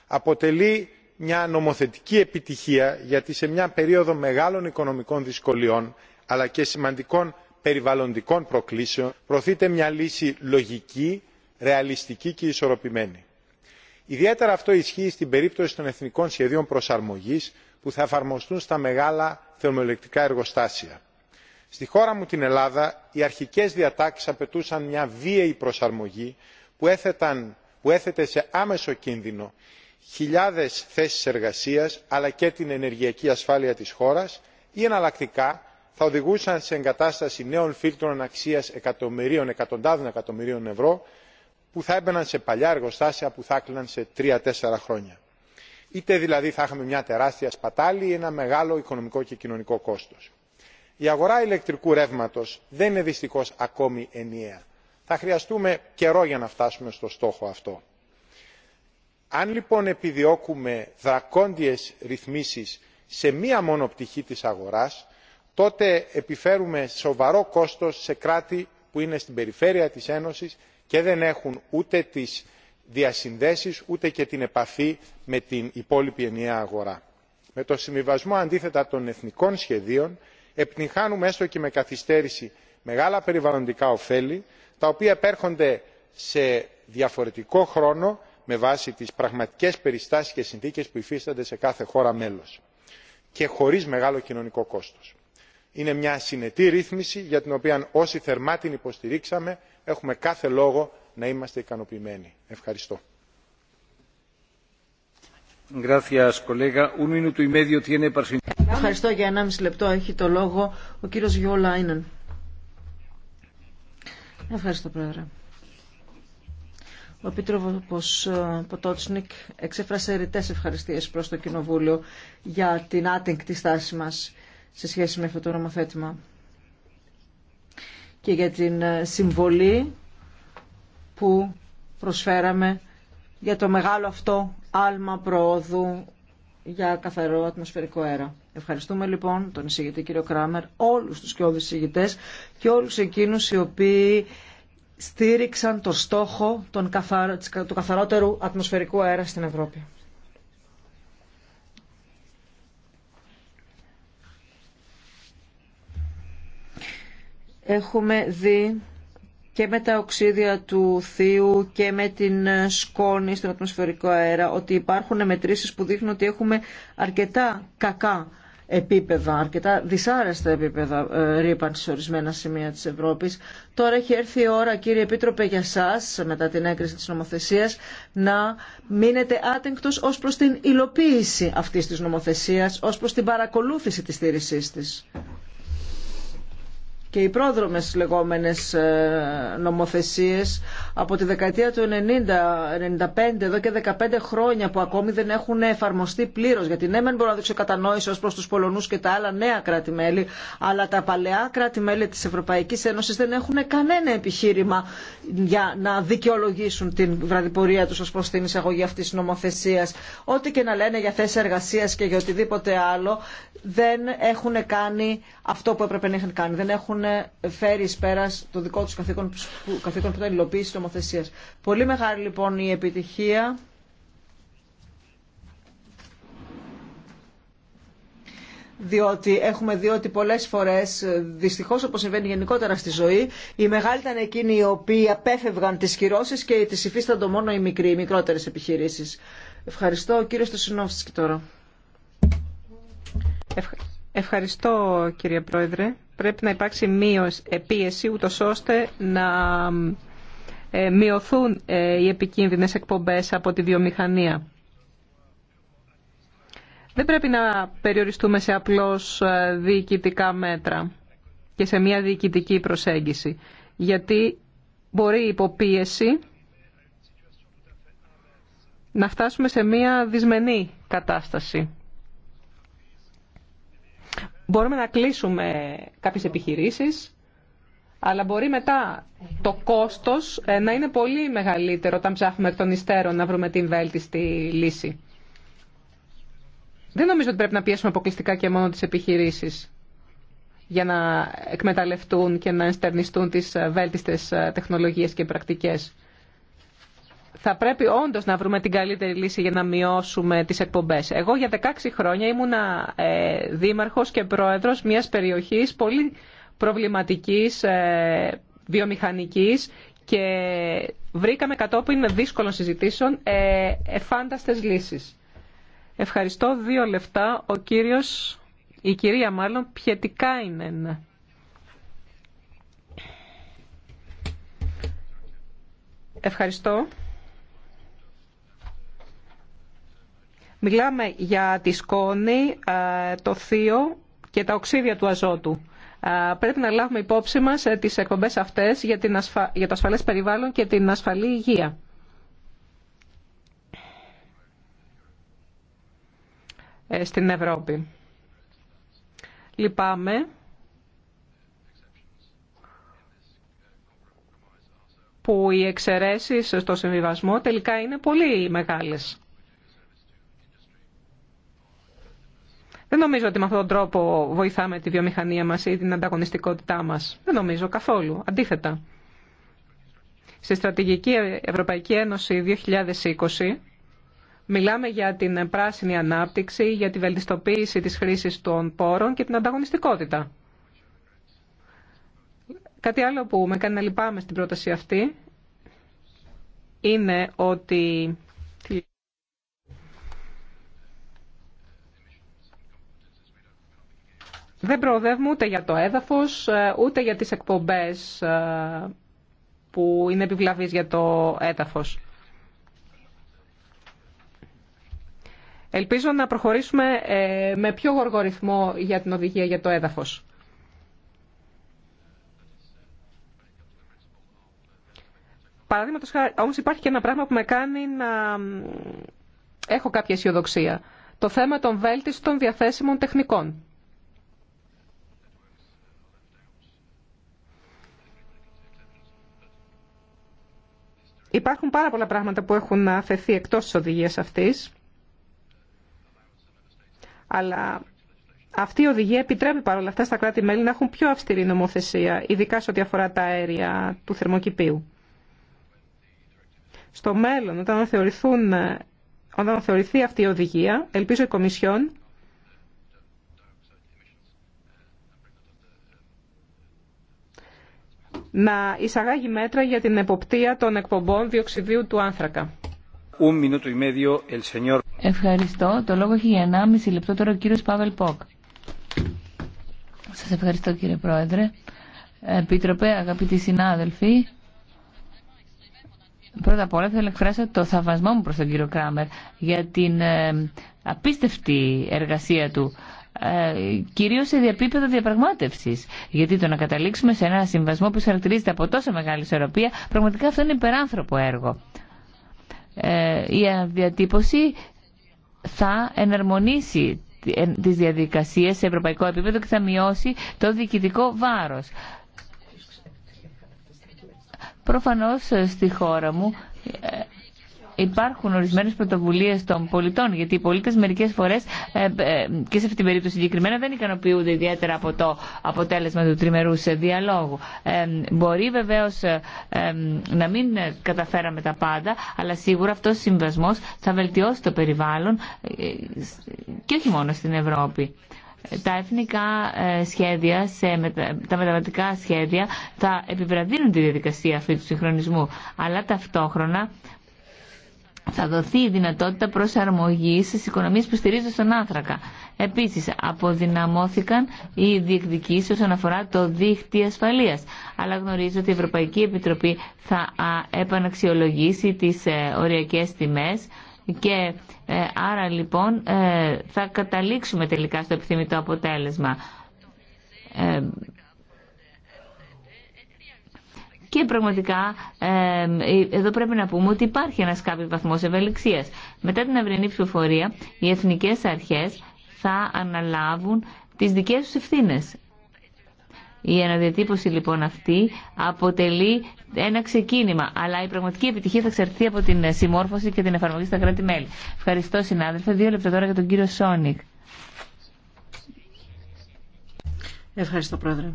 Αποτελεί μια νομοθετική επιτυχία γιατί σε μια περίοδο μεγάλων οικονομικών δυσκολιών αλλά και σημαντικών περιβαλλοντικών προκλήσεων προωθείται μια λύση λογική ρεαλιστική και ισορροπημένη. ιδιαίτερα αυτό ισχύει στην περίπτωση των εθνικών σχεδίων προσαρμογής που θα εφαρμοστούν στα μεγάλα θερμοελεκτρικά εργοστάσια. στη χώρα μου την ελλάδα οι αρχικές διατάξεις απαιτούσαν μια βίαιη προσαρμογή που, έθετε σε άμεσο κίνδυνο χιλιάδες θέσεις εργασίας αλλά και την ενεργειακή ασφάλεια της χώρας ή εναλλακτικά θα οδηγούσαν σε εγκατάσταση νέων φίλτρων αξία εκατομμυρίων εκατοντάδων εκατομμυρίων ευρώ που θα έμπαιναν σε παλιά εργοστάσια που θα έκλειναν σε τρία τέσσερα χρόνια. είτε δηλαδή θα είχαμε μια τεράστια σπατάλη ή ένα μεγάλο οικονομικό και κοινωνικό κόστος. η αγορά κοινωνικο κοστο η αγορα ηλεκτρικου ρευματο δεν είναι δυστυχώ ακόμη ενιαία. θα χρειαστούμε καιρό για να φτάσουμε στο στόχο αυτό. αν λοιπόν επιδιώκουμε δρακόντιες ρυθμίσεις σε μία μόνο πτυχή της αγοράς τότε επιφέρουμε σοβαρό κόστος σε κράτη που είναι στην περιφέρεια της ένωσης και δεν έχουν ούτε τις διασυνδέσεις ούτε και την επαφή με την υπόλοιπη ενιαία αγορά. με το συμβιβασμό αντίθετα των εθνικών σχεδίων επιτυγχάνουμε έστω και με καθυστέρηση μεγάλα περιβαλλοντικά ωφέλη τα οποία επέρχονται σε διαφορετικό χρόνο με βάση τις πραγματικές περιστάσεις και συνθήκες που υφίστανται σε κάθε χώρα μέλος και χωρίς μεγάλο κοινωνικό κόστος είναι μια συνετή ρύθμιση για την οποία όσοι θερμά την υποστηρίξαμε έχουμε κάθε λόγο να είμαστε ικανοποιημένοι. ευχαριστώ. Ευχαριστώ για 1,5 λεπτό. Έχει το λόγο ο κύριος Γιώλα Ευχαριστώ πρόεδρε. Ο Επίτροπος ε, Ποτότσνικ εξέφρασε ρητές ευχαριστίες προς το Κοινοβούλιο για την άτεγκτη στάση μας σε σχέση με αυτό το νομοθέτημα και για την ε, συμβολή που προσφέραμε για το μεγάλο αυτό άλμα προόδου για καθαρό ατμοσφαιρικό αέρα. Ευχαριστούμε λοιπόν τον εισηγητή κύριο Κράμερ, όλους τους και εισηγητές και όλους εκείνους οι οποίοι στήριξαν το στόχο του καθαρότερου ατμοσφαιρικού αέρα στην Ευρώπη. έχουμε δει και με τα οξύδια του θείου και με την σκόνη στον ατμοσφαιρικό αέρα ότι υπάρχουν μετρήσεις που δείχνουν ότι έχουμε αρκετά κακά επίπεδα, αρκετά δυσάρεστα επίπεδα ε, ρήπανση σε ορισμένα σημεία της Ευρώπης. Τώρα έχει έρθει η ώρα, κύριε Επίτροπε, για σας, μετά την έγκριση της νομοθεσίας, να μείνετε άτεγκτος ως προς την υλοποίηση αυτής της νομοθεσίας, ως προς την παρακολούθηση της στήρησής της και οι πρόδρομες λεγόμενες ε, νομοθεσίες από τη δεκαετία του 90, 95 εδώ και 15 χρόνια που ακόμη δεν έχουν εφαρμοστεί πλήρως γιατί ναι μεν μπορώ να δείξω κατανόηση ως προς τους Πολωνούς και τα άλλα νέα κράτη-μέλη αλλά τα παλαιά κράτη-μέλη της Ευρωπαϊκής Ένωσης δεν έχουν κανένα επιχείρημα για να δικαιολογήσουν την βραδιπορία τους ως προς την εισαγωγή αυτής της νομοθεσίας ό,τι και να λένε για θέσεις εργασίας και για οτιδήποτε άλλο δεν έχουν κάνει αυτό που έπρεπε να είχαν κάνει δεν έχουν φέρει εις πέρας το δικό τους καθήκον, που, καθήκον που ήταν υλοποίηση νομοθεσίας. Πολύ μεγάλη λοιπόν η επιτυχία. διότι έχουμε δει ότι πολλές φορές, δυστυχώς όπως συμβαίνει γενικότερα στη ζωή, οι μεγάλοι ήταν εκείνοι οι οποίοι απέφευγαν τις κυρώσει και τις υφίστανται μόνο οι μικροί, οι μικρότερες επιχειρήσεις. Ευχαριστώ. Ο κύριος και τώρα. Ευχαριστώ. Ευχαριστώ κύριε Πρόεδρε. Πρέπει να υπάρξει μείωση, επίεση ούτως ώστε να ε, μειωθούν ε, οι επικίνδυνες εκπομπές από τη βιομηχανία. Δεν πρέπει να περιοριστούμε σε απλώς ε, διοικητικά μέτρα και σε μια διοικητική προσέγγιση, γιατί μπορεί η υποπίεση να φτάσουμε σε μια δυσμενή κατάσταση μπορούμε να κλείσουμε κάποιες επιχειρήσεις, αλλά μπορεί μετά το κόστος ε, να είναι πολύ μεγαλύτερο όταν ψάχνουμε εκ των υστέρων να βρούμε την βέλτιστη λύση. Δεν νομίζω ότι πρέπει να πιέσουμε αποκλειστικά και μόνο τις επιχειρήσεις για να εκμεταλλευτούν και να ενστερνιστούν τις ε, βέλτιστες ε, τεχνολογίες και πρακτικές θα πρέπει όντω να βρούμε την καλύτερη λύση για να μειώσουμε τι εκπομπέ. Εγώ για 16 χρόνια ήμουνα ε, δήμαρχο και πρόεδρο μια περιοχή πολύ προβληματική ε, βιομηχανική και βρήκαμε κατόπιν δύσκολων συζητήσεων ε, φάνταστε λύσεις. Ευχαριστώ. Δύο λεφτά. Ο κύριος, η κυρία μάλλον, πιετικά είναι. Ευχαριστώ. Μιλάμε για τη σκόνη, ε, το θείο και τα οξύδια του αζότου. Ε, πρέπει να λάβουμε υπόψη μας ε, τις εκπομπές αυτές για, την για το ασφαλές περιβάλλον και την ασφαλή υγεία. στην Ευρώπη. Λυπάμαι που οι εξαιρέσει στο συμβιβασμό τελικά είναι πολύ μεγάλες. Δεν νομίζω ότι με αυτόν τον τρόπο βοηθάμε τη βιομηχανία μας ή την ανταγωνιστικότητά μας. Δεν νομίζω καθόλου. Αντίθετα. Στη Στρατηγική Ευρωπαϊκή Ένωση 2020 μιλάμε για την πράσινη ανάπτυξη, για τη βελτιστοποίηση της χρήσης των πόρων και την ανταγωνιστικότητα. Κάτι άλλο που με κάνει να λυπάμαι στην πρόταση αυτή είναι ότι δεν προοδεύουμε ούτε για το έδαφος, ε, ούτε για τις εκπομπές ε, που είναι επιβλαβείς για το έδαφος. Ελπίζω να προχωρήσουμε ε, με πιο γοργό ρυθμό για την οδηγία για το έδαφος. Παραδείγματος χάρη, όμως υπάρχει και ένα πράγμα που με κάνει να έχω κάποια αισιοδοξία. Το θέμα των βέλτιστων διαθέσιμων τεχνικών. Υπάρχουν πάρα πολλά πράγματα που έχουν αφαιθεί εκτός της οδηγίας αυτής, αλλά αυτή η οδηγία επιτρέπει παρόλα αυτά στα κράτη-μέλη να έχουν πιο αυστηρή νομοθεσία, ειδικά σε ό,τι αφορά τα αέρια του θερμοκηπίου. Στο μέλλον, όταν, όταν θεωρηθεί αυτή η οδηγία, ελπίζω η Κομισιόν να εισαγάγει μέτρα για την εποπτεία των εκπομπών διοξιδίου του άνθρακα. Ευχαριστώ. Το λόγο έχει για 1,5 λεπτό τώρα ο κύριος Πάβελ Πόκ. Σας ευχαριστώ κύριε Πρόεδρε. Επίτροπε, αγαπητοί συνάδελφοι, πρώτα απ' όλα θέλω να εκφράσω το θαυμασμό μου προς τον κύριο Κράμερ για την ε, απίστευτη εργασία του ε, κυρίως σε διαπίπεδο διαπραγμάτευσης. Γιατί το να καταλήξουμε σε ένα συμβασμό που χαρακτηρίζεται από τόσο μεγάλη ισορροπία, πραγματικά αυτό είναι υπεράνθρωπο έργο. Ε, η διατύπωση θα εναρμονίσει τις διαδικασίες σε ευρωπαϊκό επίπεδο και θα μειώσει το διοικητικό βάρος. Προφανώς ε, στη χώρα μου υπάρχουν ορισμένε πρωτοβουλίε των πολιτών, γιατί οι πολίτε μερικέ φορέ ε, ε, και σε αυτή την περίπτωση συγκεκριμένα δεν ικανοποιούνται ιδιαίτερα από το αποτέλεσμα του τριμερού διαλόγου. Ε, μπορεί βεβαίω να μην καταφέραμε τα πάντα, αλλά σίγουρα αυτό ο συμβασμό θα βελτιώσει το περιβάλλον και όχι μόνο στην Ευρώπη τα εθνικά σχέδια, τα μεταβατικά σχέδια θα επιβραδύνουν τη διαδικασία αυτή του συγχρονισμού. Αλλά ταυτόχρονα θα δοθεί η δυνατότητα προσαρμογής στι οικονομίε που στηρίζονται στον άνθρακα. Επίσης, αποδυναμώθηκαν οι διεκδικήσεις όσον αφορά το δίχτυ ασφαλείας. Αλλά γνωρίζω ότι η Ευρωπαϊκή Επιτροπή θα επαναξιολογήσει τις ε, οριακές τιμέ και ε, άρα λοιπόν ε, θα καταλήξουμε τελικά στο επιθυμητό αποτέλεσμα και πραγματικά ε, εδώ πρέπει να πούμε ότι υπάρχει ένας κάποιος βαθμός ευελιξία. Μετά την αυρινή ψηφοφορία οι εθνικές αρχές θα αναλάβουν τις δικές τους ευθύνες. Η αναδιατύπωση λοιπόν αυτή αποτελεί ένα ξεκίνημα, αλλά η πραγματική επιτυχία θα εξαρτηθεί από την συμμόρφωση και την εφαρμογή στα κράτη-μέλη. Ευχαριστώ συνάδελφε. Δύο λεπτά τώρα για τον κύριο Σόνικ. Ευχαριστώ πρόεδρε.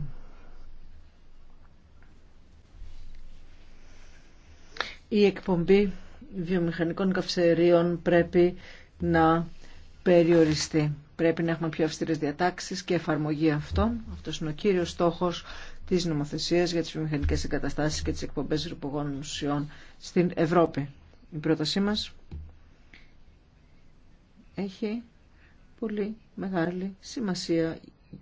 η εκπομπή βιομηχανικών καυσερίων πρέπει να περιοριστεί. Πρέπει να έχουμε πιο αυστηρές διατάξεις και εφαρμογή αυτών. Αυτό είναι ο κύριος στόχος τη νομοθεσία για τις βιομηχανικέ εγκαταστάσεις και τις εκπομπές ρηπογόνων ουσιών στην Ευρώπη. Η πρότασή μας έχει πολύ μεγάλη σημασία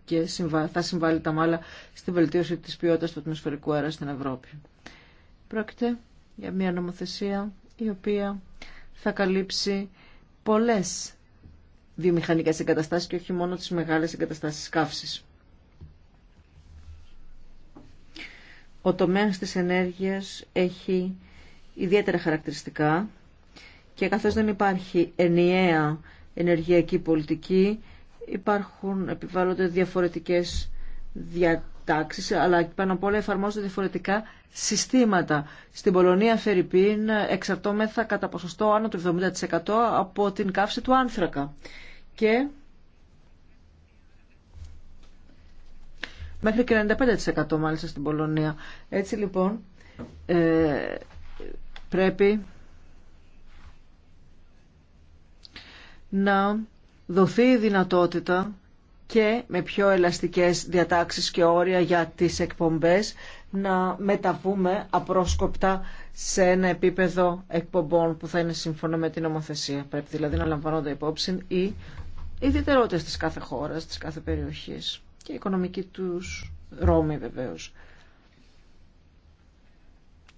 και θα συμβάλλει τα μάλλα στην βελτίωση της ποιότητας του ατμοσφαιρικού αέρα στην Ευρώπη. Πρόκειται για μια νομοθεσία η οποία θα καλύψει πολλές βιομηχανικές εγκαταστάσεις και όχι μόνο τις μεγάλες εγκαταστάσεις καύσης. Ο τομέας της ενέργειας έχει ιδιαίτερα χαρακτηριστικά και καθώς δεν υπάρχει ενιαία ενεργειακή πολιτική υπάρχουν, επιβάλλονται διαφορετικές δια, τάξεις, αλλά πάνω απ' όλα εφαρμόζονται διαφορετικά συστήματα. Στην Πολωνία, Φερρυπίν, εξαρτώμεθα κατά ποσοστό άνω του 70% από την καύση του άνθρακα. Και μέχρι και 95% μάλιστα στην Πολωνία. Έτσι λοιπόν ε, πρέπει να δοθεί η δυνατότητα και με πιο ελαστικές διατάξεις και όρια για τις εκπομπές να μεταβούμε απρόσκοπτα σε ένα επίπεδο εκπομπών που θα είναι σύμφωνο με την νομοθεσία. Πρέπει δηλαδή να λαμβάνονται υπόψη οι ιδιαιτερότητες της κάθε χώρας, της κάθε περιοχής και η οικονομική τους ρόμη βεβαίως.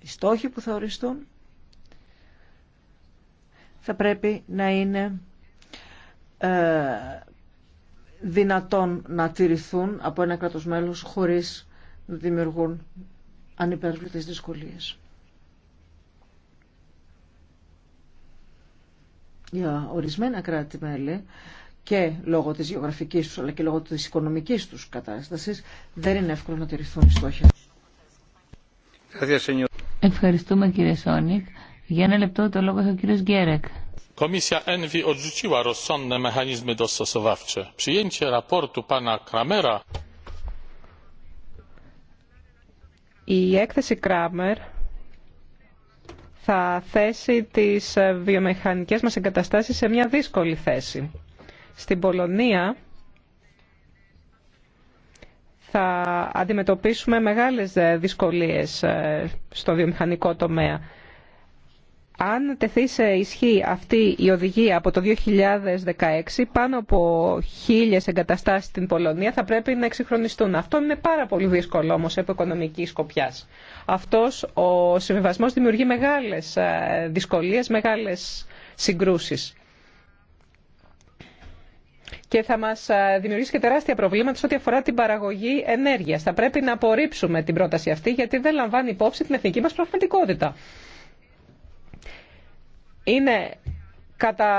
Οι στόχοι που θα οριστούν θα πρέπει να είναι ε, δυνατόν να τηρηθούν από ένα κράτος μέλος χωρίς να δημιουργούν ανυπέρβλητες δυσκολίες. Για ορισμένα κράτη-μέλη και λόγω της γεωγραφικής τους αλλά και λόγω της οικονομικής τους κατάστασης δεν είναι εύκολο να τηρηθούν οι στόχοι. Ευχαριστούμε κύριε Σόνικ. Για ένα λεπτό το λόγο έχει ο κύριος Γκέρεκ komisja envi odrzuciła rozsądne mechanizmy dostosowawcze. przyjęcie η έκθεση Κράμερ θα θέσει τις ε, βιομηχανικές μας εγκαταστάσεις σε μια δύσκολη θέση. Στην Πολωνία θα αντιμετωπίσουμε μεγάλες ε, δυσκολίες ε, στο βιομηχανικό τομέα αν τεθεί σε ισχύ αυτή η οδηγία από το 2016, πάνω από χίλιες εγκαταστάσεις στην Πολωνία θα πρέπει να εξυγχρονιστούν. Αυτό είναι πάρα πολύ δύσκολο όμως από οικονομική σκοπιά. Αυτός ο συμβιβασμός δημιουργεί μεγάλες ε, δυσκολίες, μεγάλες συγκρούσεις. Και θα μας ε, δημιουργήσει και τεράστια προβλήματα σε ό,τι αφορά την παραγωγή ενέργειας. Θα πρέπει να απορρίψουμε την πρόταση αυτή γιατί δεν λαμβάνει υπόψη την εθνική μας πραγματικότητα είναι, κατα...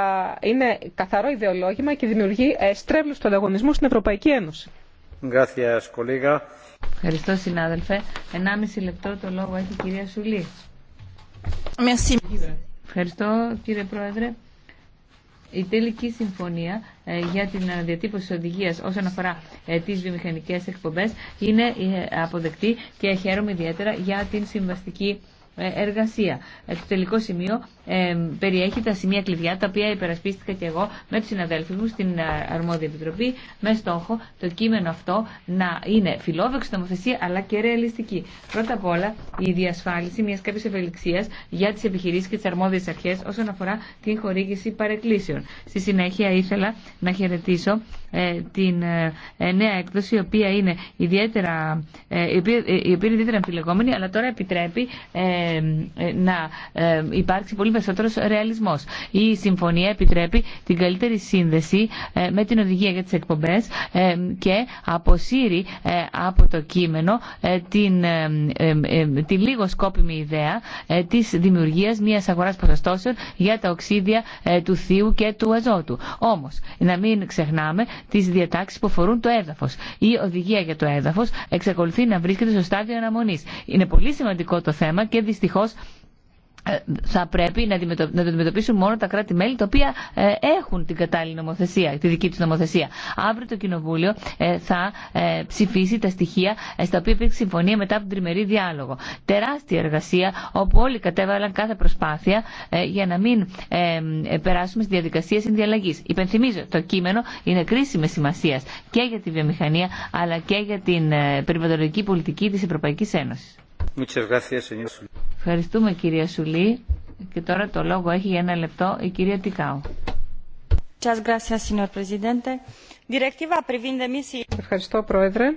είναι καθαρό ιδεολόγημα και δημιουργεί ε, στρέβλους του ανταγωνισμού στην Ευρωπαϊκή Ένωση. Ευχαριστώ συνάδελφε. 1,5 λεπτό το λόγο έχει η κυρία Σουλή. Ευχαριστώ κύριε Πρόεδρε. Η τελική συμφωνία ε, για την διατύπωση της οδηγίας όσον αφορά ε, τι βιομηχανικέ εκπομπέ είναι αποδεκτή και χαίρομαι ιδιαίτερα για την συμβαστική εργασία. Το τελικό σημείο περιέχει τα σημεία κλειδιά τα οποία υπερασπίστηκα και εγώ με του συναδέλφου μου στην ε, αρμόδια επιτροπή με στόχο το κείμενο αυτό να είναι φιλόδοξη νομοθεσία αλλά και ρεαλιστική. Πρώτα απ' όλα η διασφάλιση μια κάποια ευελιξία για τι επιχειρήσει και τι αρμόδιε αρχέ όσον αφορά την χορήγηση παρεκκλήσεων. Στη συνέχεια ήθελα να χαιρετήσω ε, την ε, νέα έκδοση η οποία είναι ιδιαίτερα, η ιδιαίτερα αλλά τώρα επιτρέπει να υπάρξει πολύ περισσότερος ρεαλισμός. Η συμφωνία επιτρέπει την καλύτερη σύνδεση ε, με την οδηγία για τις εκπομπές ε, και αποσύρει ε, από το κείμενο την, την λίγο σκόπιμη ιδέα της δημιουργίας μιας αγοράς ποσοστώσεων για τα οξύδια του θείου και του αζότου. Όμως, να μην ξεχνάμε τις διατάξεις που αφορούν το έδαφος. Η οδηγία για το έδαφος εξακολουθεί να βρίσκεται στο στάδιο αναμονής. Είναι πολύ σημαντικό το θέμα και δυστυχώς ε, θα πρέπει να, να το αντιμετωπίσουν μόνο τα κράτη-μέλη τα οποία ε, έχουν την κατάλληλη νομοθεσία, τη δική του νομοθεσία. Αύριο το Κοινοβούλιο ε, θα ψηφίσει τα στοιχεία στα οποία υπήρξε συμφωνία μετά από τον τριμερή διάλογο. Τεράστια εργασία όπου όλοι κατέβαλαν κάθε προσπάθεια για να μην περάσουμε στη διαδικασία συνδιαλλαγή. Υπενθυμίζω, το κείμενο είναι κρίσιμη σημασία και για τη βιομηχανία αλλά και για την περιβαλλοντική πολιτική τη Ευρωπαϊκή Ένωση. Ευχαριστούμε κυρία Σουλή. Και τώρα το λόγο έχει για ένα λεπτό η κυρία Τικάου. Ευχαριστώ πρόεδρε.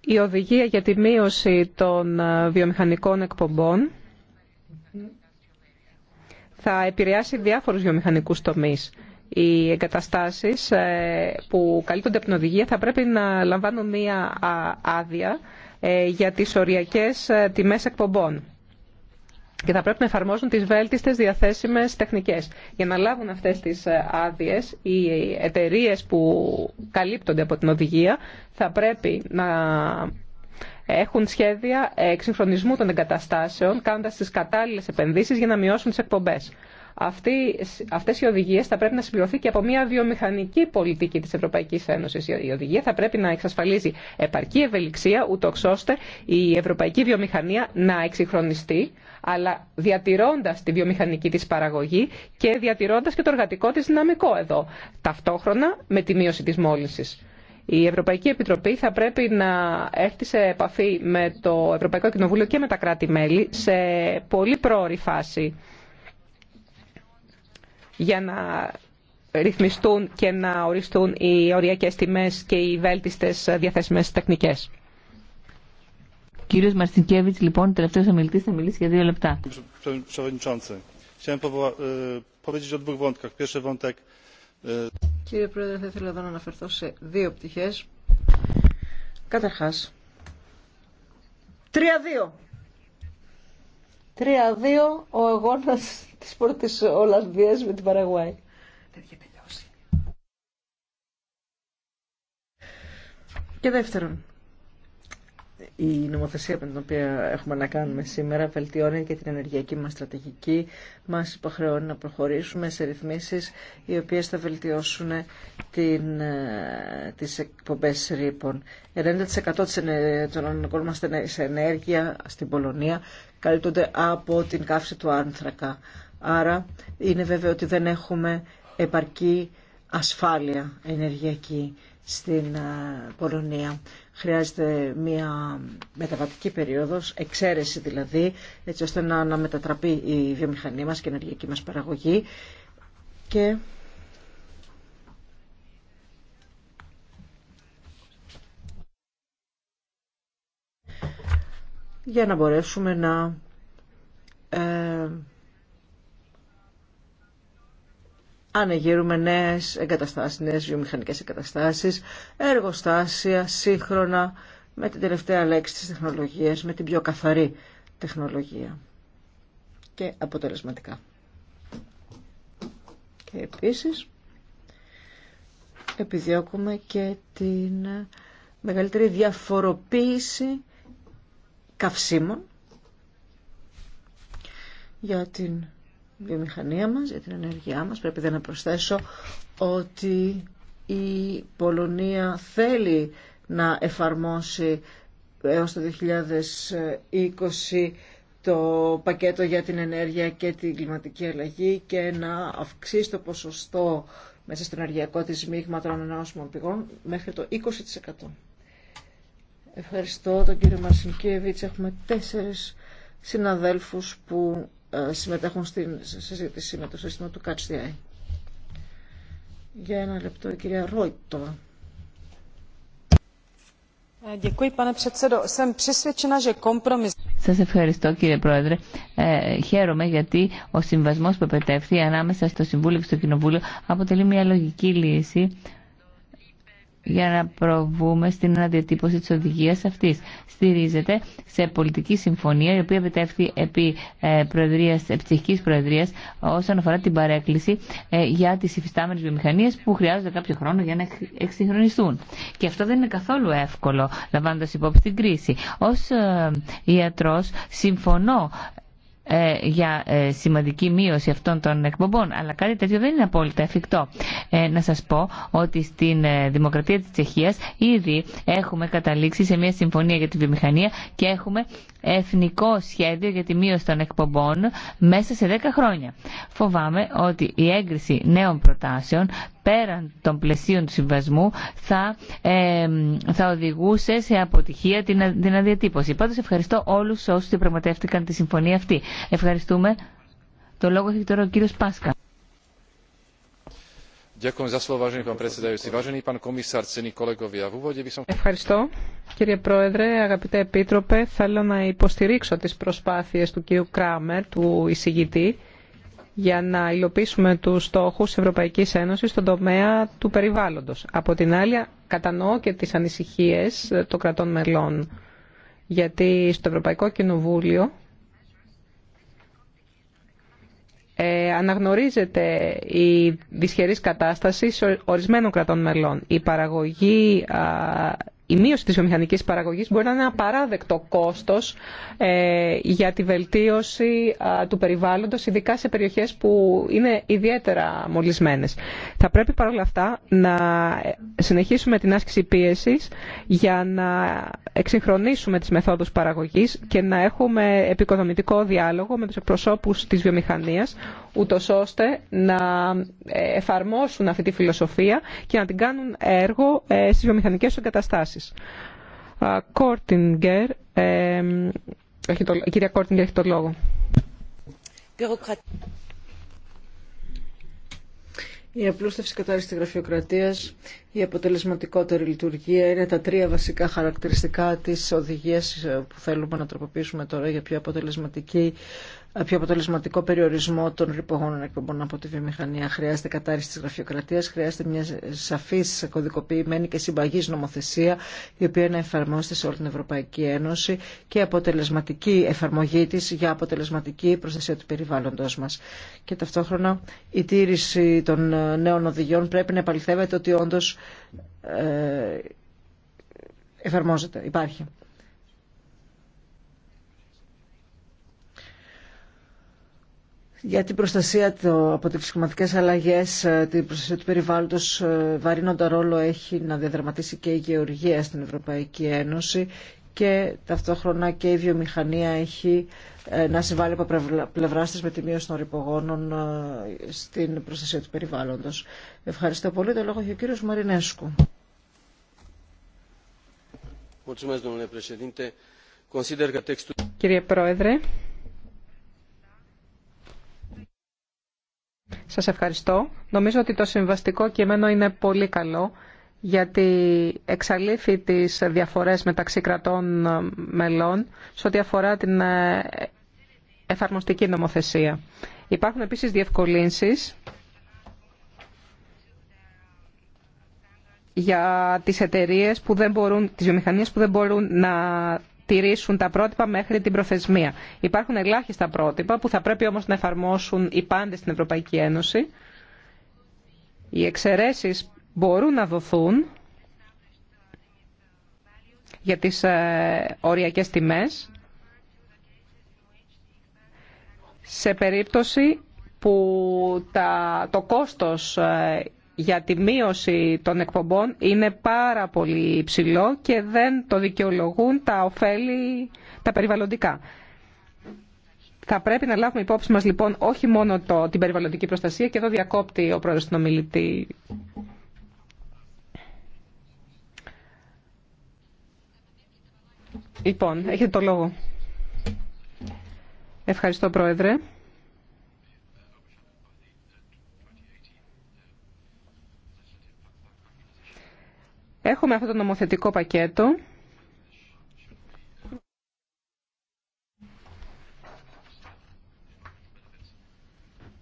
Η οδηγία για τη μείωση των ε, βιομηχανικών εκπομπών θα επηρεάσει διάφορους βιομηχανικούς τομείς οι εγκαταστάσεις ε, που καλύπτονται από την οδηγία θα πρέπει να λαμβάνουν μία άδεια ε, για τις οριακές ε, τιμές εκπομπών και θα πρέπει να εφαρμόζουν τις βέλτιστες διαθέσιμες τεχνικές. Για να λάβουν αυτές τις άδειε, οι εταιρείε που καλύπτονται από την οδηγία θα πρέπει να έχουν σχέδια εξυγχρονισμού των εγκαταστάσεων, κάνοντας τις κατάλληλες επενδύσεις για να μειώσουν τις εκπομπές. Αυτή, αυτές οι οδηγίες θα πρέπει να συμπληρωθεί και από μια βιομηχανική πολιτική της Ευρωπαϊκής Ένωσης. Η οδηγία θα πρέπει να εξασφαλίζει επαρκή ευελιξία, ούτω ώστε η ευρωπαϊκή βιομηχανία να εξυγχρονιστεί, αλλά διατηρώντας τη βιομηχανική της παραγωγή και διατηρώντας και το εργατικό της δυναμικό εδώ, ταυτόχρονα με τη μείωση της μόλυνσης. Η Ευρωπαϊκή Επιτροπή θα πρέπει να έρθει σε επαφή με το Ευρωπαϊκό Κοινοβούλιο και με τα κράτη-μέλη σε πολύ πρόωρη φάση για να ρυθμιστούν και να οριστούν οι οριακές τιμές και οι βέλτιστες διαθέσιμες τεχνικές. κύριος Μαρτσικέβιτς, λοιπόν, τελευταίος ομιλητής, θα μιλήσει για δύο λεπτά. Ε, ε, Κύριε Πρόεδρε, θα ήθελα εδώ να αναφερθώ σε δύο πτυχές. Καταρχάς, 3-2. 3-2 ο αγώνας της πρώτης Ολλανδίας με την Παραγουάη. Και δεύτερον, η νομοθεσία με την οποία έχουμε να κάνουμε σήμερα βελτιώνει και την ενεργειακή μας στρατηγική. Μας υποχρεώνει να προχωρήσουμε σε ρυθμίσεις οι οποίες θα βελτιώσουν την, ε, τις εκπομπές ρήπων. 90% των αναγκών μας σε ενέργεια στην Πολωνία καλύπτονται από την καύση του άνθρακα. Άρα είναι βέβαιο ότι δεν έχουμε επαρκή ασφάλεια ενεργειακή στην Πολωνία. Χρειάζεται μια μεταβατική περίοδος, εξαίρεση δηλαδή, έτσι ώστε να, να μετατραπεί η βιομηχανία μας και η ενεργειακή μας παραγωγή. Και για να μπορέσουμε να ε, ανεγείρουμε νέε εγκαταστάσεις, νέε βιομηχανικέ εγκαταστάσεις, εργοστάσια, σύγχρονα, με την τελευταία λέξη τη τεχνολογία, με την πιο καθαρή τεχνολογία και αποτελεσματικά. Και επίσης επιδιώκουμε και την μεγαλύτερη διαφοροποίηση καυσίμων για την βιομηχανία μας, για την ενέργειά μας. Πρέπει να προσθέσω ότι η Πολωνία θέλει να εφαρμόσει έως το 2020 το πακέτο για την ενέργεια και την κλιματική αλλαγή και να αυξήσει το ποσοστό μέσα στον ενεργειακό της μείγμα των ανανεώσιμων πηγών μέχρι το 20%. Ευχαριστώ τον κύριο Μαρσινκίεβιτς. Έχουμε τέσσερις συναδέλφους που ε, συμμετέχουν στην συζήτηση με το σύστημα του ΚΑΤΣΔΙ. Για ένα λεπτό, η κυρία Ρόιτο. Ε, Σα ευχαριστώ κύριε Πρόεδρε. Ε, χαίρομαι γιατί ο συμβασμό που επετεύχθη ανάμεσα στο Συμβούλιο και στο Κοινοβούλιο αποτελεί μια λογική λύση για να προβούμε στην αναδιατύπωση της οδηγίας αυτής. Στηρίζεται σε πολιτική συμφωνία η οποία επιτεύχθη επί ε, προεδρίας, ψυχικής προεδρίας όσον αφορά την παρέκκληση ε, για τις υφιστάμενες βιομηχανίες που χρειάζονται κάποιο χρόνο για να εξυγχρονιστούν. Και αυτό δεν είναι καθόλου εύκολο λαμβάνοντας υπόψη την κρίση. Ως ε, ιατρός συμφωνώ ε, για ε, σημαντική μείωση αυτών των εκπομπών. Αλλά κάτι τέτοιο δεν είναι απόλυτα εφικτό. Ε, να σας πω ότι στην Δημοκρατία της Τσεχίας ήδη έχουμε καταλήξει σε μια συμφωνία για τη βιομηχανία και έχουμε εθνικό σχέδιο για τη μείωση των εκπομπών μέσα σε 10 χρόνια. Φοβάμαι ότι η έγκριση νέων προτάσεων πέραν των πλαισίων του συμβασμού θα, θα οδηγούσε σε αποτυχία την, την αδιατύπωση. Πάντω ευχαριστώ όλους όσου διαπραγματεύτηκαν τη συμφωνία αυτή. Ευχαριστούμε. Το λόγο έχει τώρα ο κύριο Πάσκα. Ευχαριστώ κύριε Πρόεδρε, αγαπητέ Επίτροπε. Θέλω να υποστηρίξω τις προσπάθειες του κύριου Κράμερ, του εισηγητή, για να υλοποιήσουμε τους στόχους της Ευρωπαϊκής Ένωσης στον τομέα του περιβάλλοντος. Από την άλλη, κατανοώ και τις ανησυχίες των κρατών μελών, γιατί στο Ευρωπαϊκό Κοινοβούλιο ε, αναγνωρίζεται η δυσχερής κατάσταση ορισμένων κρατών μελών. Η παραγωγή η μείωση της βιομηχανικής παραγωγής μπορεί να είναι ένα παράδεκτο κόστος ε, για τη βελτίωση του περιβάλλοντος, ειδικά σε περιοχές που είναι ιδιαίτερα μολυσμένες. Θα πρέπει παρόλα αυτά να ε, συνεχίσουμε την άσκηση πίεσης για να εξυγχρονίσουμε τις μεθόδους παραγωγής και να έχουμε επικοδομητικό διάλογο με τους εκπροσώπους της βιομηχανίας, ούτως ώστε να ε, εφαρμόσουν αυτή τη φιλοσοφία και να την κάνουν έργο ε, στις βιομηχανικές τους εγκαταστάσεις. Κόρτινγκερ, ε, η κυρία Κόρτινγκερ έχει το λόγο. Η απλούστευση κατάρρευση της γραφειοκρατίας, η αποτελεσματικότερη λειτουργία είναι τα τρία βασικά χαρακτηριστικά της οδηγίας που θέλουμε να τροποποιήσουμε τώρα για πιο αποτελεσματική πιο αποτελεσματικό περιορισμό των ρηπογόνων εκπομπών από τη βιομηχανία. Χρειάζεται κατάρριση τη γραφειοκρατία, χρειάζεται μια σαφή, κωδικοποιημένη και συμπαγή νομοθεσία, η οποία να εφαρμόζεται σε όλη την Ευρωπαϊκή Ένωση και αποτελεσματική εφαρμογή τη για αποτελεσματική προστασία του περιβάλλοντο μα. Και ταυτόχρονα η τήρηση των ε, νέων οδηγιών πρέπει να επαληθεύεται ότι όντω ε, εφαρμόζεται, υπάρχει. για την προστασία του, από τις κλιματικές αλλαγές, ε, την προστασία του περιβάλλοντος, ε, βαρύνοντα ρόλο έχει να διαδραματίσει και η γεωργία στην Ευρωπαϊκή Ένωση και ταυτόχρονα και η βιομηχανία έχει ε, να συμβάλλει από πλευρά τη με τη μείωση των ρηπογόνων στην προστασία του περιβάλλοντος. Ευχαριστώ πολύ. Το λόγο έχει ο κύριος Μαρινέσκου. Κύριε Πρόεδρε, Σας ευχαριστώ. Νομίζω ότι το συμβαστικό κείμενο είναι πολύ καλό γιατί εξαλείφει τις διαφορές μεταξύ κρατών ε, μελών σε ό,τι αφορά την ε, εφαρμοστική νομοθεσία. Υπάρχουν επίσης διευκολύνσεις για τις εταιρείες που δεν μπορούν, τις βιομηχανίες που δεν μπορούν να τηρήσουν τα πρότυπα μέχρι την προθεσμία. Υπάρχουν ελάχιστα πρότυπα που θα πρέπει όμως να εφαρμόσουν οι πάντες στην Ευρωπαϊκή Ένωση. Οι εξαιρέσεις μπορούν να δοθούν για τις ε, οριακές τιμές σε περίπτωση που το κόστος ε, για τη μείωση των εκπομπών είναι πάρα πολύ υψηλό και δεν το δικαιολογούν τα ωφέλη τα περιβαλλοντικά. Θα πρέπει να λάβουμε υπόψη μας λοιπόν όχι μόνο το, την περιβαλλοντική προστασία και εδώ διακόπτει ο πρόεδρος του ομιλητή. Λοιπόν, έχετε το λόγο. Ευχαριστώ πρόεδρε. Έχουμε αυτό το νομοθετικό πακέτο.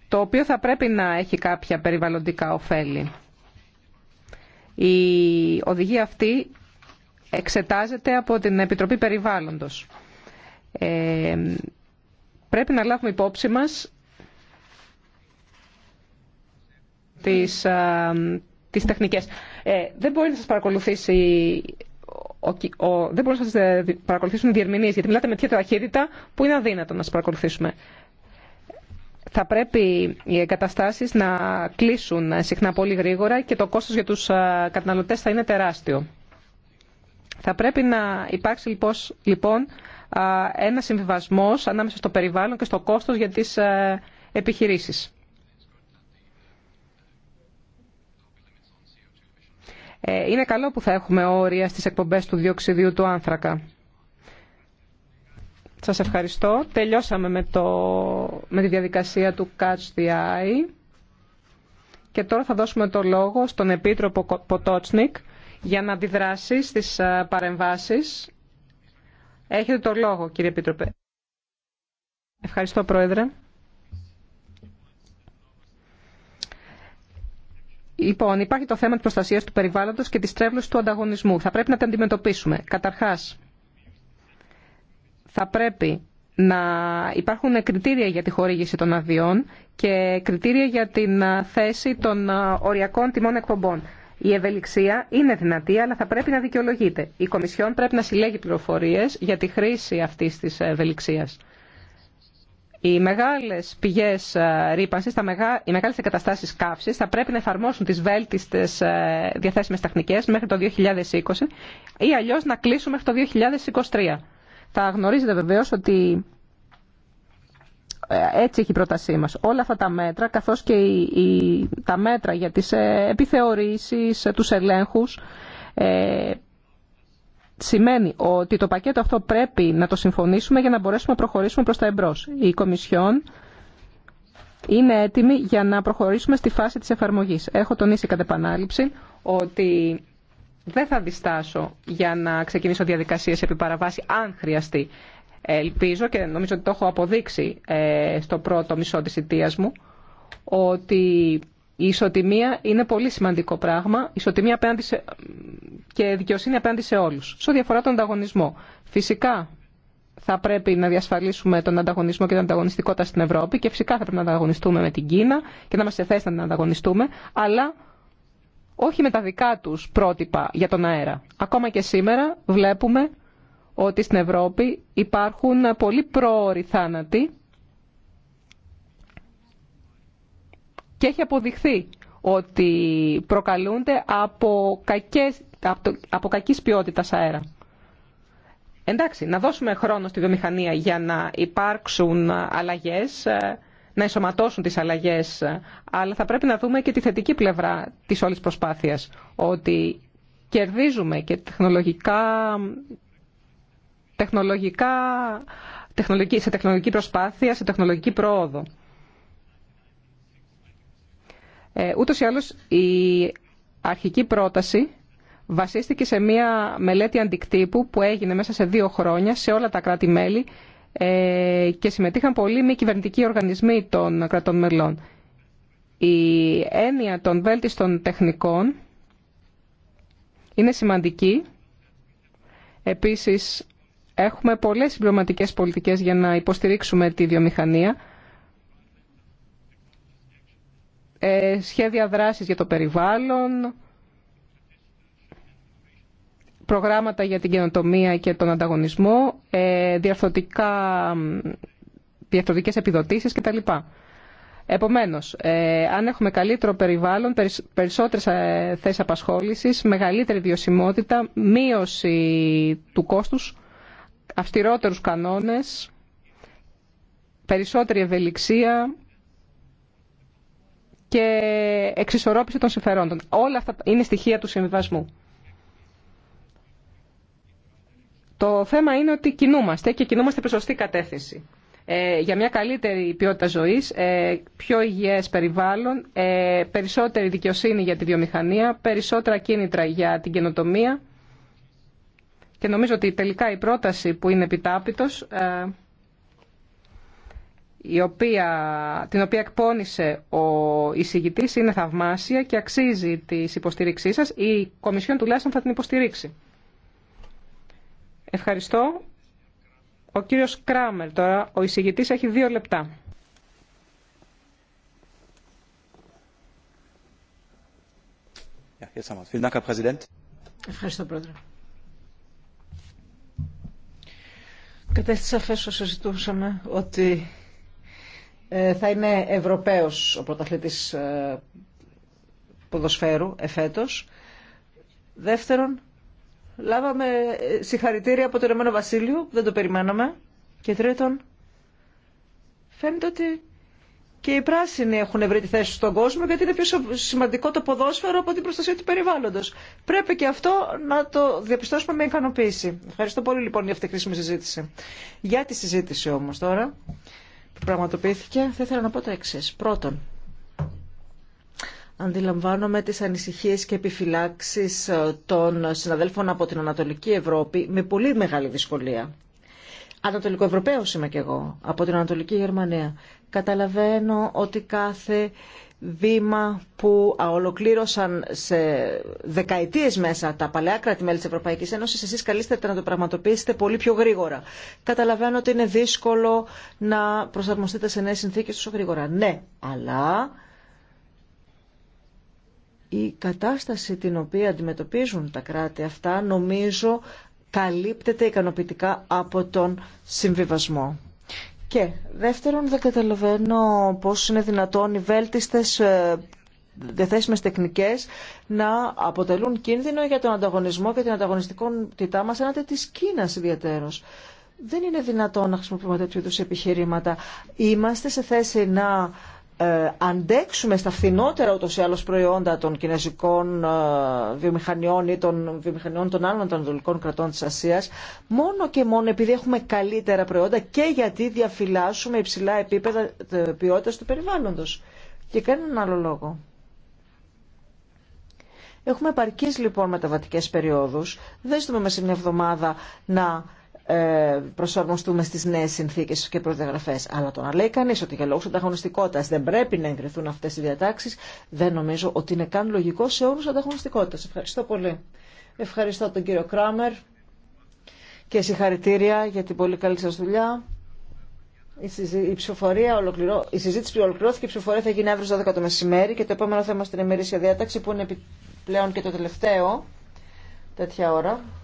το οποίο θα πρέπει να έχει κάποια περιβαλλοντικά ωφέλη. Η οδηγία αυτή εξετάζεται από την Επιτροπή Περιβάλλοντος. Ε, πρέπει να λάβουμε υπόψη μας τις, ε, τεχνικές. Ε, δεν μπορεί να σας παρακολουθήσει ο, ο, δεν να ε, παρακολουθήσουν οι διερμηνείς, γιατί μιλάτε με τέτοια ταχύτητα που είναι αδύνατο να σας παρακολουθήσουμε. Θα πρέπει οι εγκαταστάσεις να κλείσουν ε, συχνά πολύ γρήγορα και το κόστος για τους καταναλωτές θα είναι τεράστιο. Θα πρέπει να υπάρξει λοιπόν, λοιπόν ένα συμβιβασμός ανάμεσα στο περιβάλλον και στο κόστος για τις επιχειρήσεις. Ε, είναι καλό που θα έχουμε όρια στις εκπομπές του διοξιδίου του άνθρακα. Σας ευχαριστώ. Τελειώσαμε με, το, με τη διαδικασία του Catch the Eye. Και τώρα θα δώσουμε το λόγο στον Επίτροπο Ποτότσνικ για να αντιδράσει στις ε, παρεμβάσεις. Έχετε το λόγο, κύριε Επίτροπε. Ευχαριστώ, Πρόεδρε. Λοιπόν, υπάρχει το θέμα τη προστασία του περιβάλλοντο και τη τρέβλωση του ανταγωνισμού. Θα πρέπει να τα αντιμετωπίσουμε. Καταρχά, θα πρέπει να υπάρχουν κριτήρια για τη χορήγηση των αδειών και κριτήρια για την θέση των οριακών τιμών εκπομπών. Η ευελιξία είναι δυνατή, αλλά θα πρέπει να δικαιολογείται. Η Κομισιόν πρέπει να συλλέγει πληροφορίε για τη χρήση αυτή τη ευελιξία. Οι μεγάλε πηγέ ε, ρήπανση, οι μεγάλε εγκαταστάσει καύση θα πρέπει να εφαρμόσουν τις βέλτιστες ε, διαθέσιμες τεχνικέ μέχρι το 2020 ή αλλιώς να κλείσουν μέχρι το 2023. Θα γνωρίζετε βεβαίω ότι ε, έτσι έχει η πρότασή μας. Όλα αυτά τα μέτρα, καθώς και τα μέτρα για τις επιθεωρήσεις, τους ελέγχους, σημαίνει ότι το πακέτο αυτό πρέπει να το συμφωνήσουμε για να μπορέσουμε να προχωρήσουμε προς τα εμπρός. Η Κομισιόν είναι έτοιμη για να προχωρήσουμε στη φάση της εφαρμογής. Έχω τονίσει κατά επανάληψη ότι δεν θα διστάσω για να ξεκινήσω διαδικασίες επί παραβάση αν χρειαστεί. Ελπίζω και νομίζω ότι το έχω αποδείξει ε, στο πρώτο μισό της ιτίας μου ότι η ισοτιμία είναι πολύ σημαντικό πράγμα. Ισοτιμία απέναντι σε... και δικαιοσύνη απέναντι σε όλου. Σε ό,τι αφορά τον ανταγωνισμό. Φυσικά θα πρέπει να διασφαλίσουμε τον ανταγωνισμό και την ανταγωνιστικότητα στην Ευρώπη και φυσικά θα πρέπει να ανταγωνιστούμε με την Κίνα και να είμαστε θέσει να ανταγωνιστούμε, αλλά όχι με τα δικά του πρότυπα για τον αέρα. Ακόμα και σήμερα βλέπουμε ότι στην Ευρώπη υπάρχουν πολύ πρόοροι θάνατοι και έχει αποδειχθεί ότι προκαλούνται από, κακές, από κακής ποιότητας αέρα. Εντάξει, να δώσουμε χρόνο στη βιομηχανία για να υπάρξουν αλλαγές, να ενσωματώσουν τις αλλαγές, αλλά θα πρέπει να δούμε και τη θετική πλευρά της όλης προσπάθειας, ότι κερδίζουμε και τεχνολογικά, τεχνολογικά, τεχνολογική, σε τεχνολογική προσπάθεια, σε τεχνολογική πρόοδο. Ε, ούτως ή άλλως η αρχική πρόταση βασίστηκε σε μια μελέτη αντικτύπου που έγινε μέσα σε δύο χρόνια σε όλα τα κράτη-μέλη ε, και συμμετείχαν πολλοί μη κυβερνητικοί οργανισμοί των κρατών μελών. Η έννοια των βέλτιστων τεχνικών είναι σημαντική. Επίσης, έχουμε πολλές συμπληρωματικές πολιτικές για να υποστηρίξουμε τη βιομηχανία. Ε, σχέδια δράσης για το περιβάλλον, προγράμματα για την καινοτομία και τον ανταγωνισμό, ε, διαρθωτικές επιδοτήσεις κτλ. Επομένως, ε, αν έχουμε καλύτερο περιβάλλον, περισσότερες ε, θέσεις απασχόλησης, μεγαλύτερη βιωσιμότητα, μείωση του κόστους, αυστηρότερους κανόνες, περισσότερη ευελιξία, και εξισορρόπηση των συμφερόντων. Όλα αυτά είναι στοιχεία του συμβιβασμού. Το θέμα είναι ότι κινούμαστε και κινούμαστε προς σωστή κατεύθυνση. Ε, για μια καλύτερη ποιότητα ζωής, ε, πιο υγιές περιβάλλον, ε, περισσότερη δικαιοσύνη για τη βιομηχανία, περισσότερα κίνητρα για την καινοτομία. Και νομίζω ότι τελικά η πρόταση που είναι επιτάπητος ε, η οποία, την οποία εκπώνησε ο εισηγητής είναι θαυμάσια και αξίζει τη υποστηρίξή σας. Η Κομισιόν τουλάχιστον θα την υποστηρίξει. Ευχαριστώ. Ο κύριος Κράμερ τώρα, ο εισηγητής έχει δύο λεπτά. Ευχαριστώ, Πρόεδρε. Κατέστησα σαφές όσο συζητούσαμε ότι ε, θα είναι Ευρωπαίος ο πρωταθλητής ε, ποδοσφαίρου εφέτος. Δεύτερον, λάβαμε ε, συγχαρητήρια από το Ηνωμένο Βασίλειο, δεν το περιμέναμε. Και τρίτον, φαίνεται ότι και οι πράσινοι έχουν βρει τη θέση στον κόσμο γιατί είναι πιο σημαντικό το ποδόσφαιρο από την προστασία του περιβάλλοντο. Πρέπει και αυτό να το διαπιστώσουμε με ικανοποίηση. Ευχαριστώ πολύ λοιπόν για αυτή τη χρήσιμη συζήτηση. Για τη συζήτηση όμω τώρα πραγματοποιήθηκε, θα ήθελα να πω τα εξή. Πρώτον, αντιλαμβάνομαι τις ανησυχίες και επιφυλάξεις ε, των συναδέλφων από την Ανατολική Ευρώπη με πολύ μεγάλη δυσκολία. Ανατολικοευρωπαίος είμαι κι εγώ, από την Ανατολική Γερμανία. Καταλαβαίνω ότι κάθε βήμα που ολοκλήρωσαν σε δεκαετίες μέσα τα παλαιά κράτη-μέλη της Ευρωπαϊκής Ένωσης, εσείς καλείστε να το πραγματοποιήσετε πολύ πιο γρήγορα. Καταλαβαίνω ότι είναι δύσκολο να προσαρμοστείτε σε νέες συνθήκες τόσο γρήγορα. Ναι, αλλά η κατάσταση την οποία αντιμετωπίζουν τα κράτη αυτά νομίζω καλύπτεται ικανοποιητικά από τον συμβιβασμό. Και δεύτερον, δεν καταλαβαίνω πώς είναι δυνατόν οι βέλτιστες ε, διαθέσιμε τεχνικές να αποτελούν κίνδυνο για τον ανταγωνισμό και την ανταγωνιστικότητά μα έναντι τη Κίνα ιδιαίτερω. Δεν είναι δυνατόν να χρησιμοποιούμε τέτοιου είδου επιχειρήματα. Είμαστε σε θέση να ε, αντέξουμε στα φθηνότερα ούτως ή άλλως προϊόντα των κινέζικων ε, βιομηχανιών ή των βιομηχανιών των άλλων των δουλικών κρατών της Ασίας μόνο και μόνο επειδή έχουμε καλύτερα προϊόντα και γιατί διαφυλάσσουμε υψηλά επίπεδα ε, ποιότητας του περιβάλλοντος και κανέναν άλλο λόγο. Έχουμε επαρκείς λοιπόν μεταβατικές περιόδους. Δεν ζητούμε μέσα σε μια εβδομάδα να ε, προσαρμοστούμε στι νέε συνθήκε και προδιαγραφέ. Αλλά το να λέει κανεί ότι για λόγους ανταγωνιστικότητα δεν πρέπει να εγκριθούν αυτέ οι διατάξει. δεν νομίζω ότι είναι καν λογικό σε όρου ανταγωνιστικότητα. Ευχαριστώ πολύ. Ευχαριστώ τον κύριο Κράμερ και συγχαρητήρια για την πολύ καλή σα δουλειά. Η, συζήτηση η, ολοκληρώ... η συζήτηση ολοκληρώθηκε, η ψηφοφορία θα γίνει αύριο στις 12 το μεσημέρι και το επόμενο θέμα στην ημερήσια διάταξη που είναι πλέον και το τελευταίο τέτοια ώρα.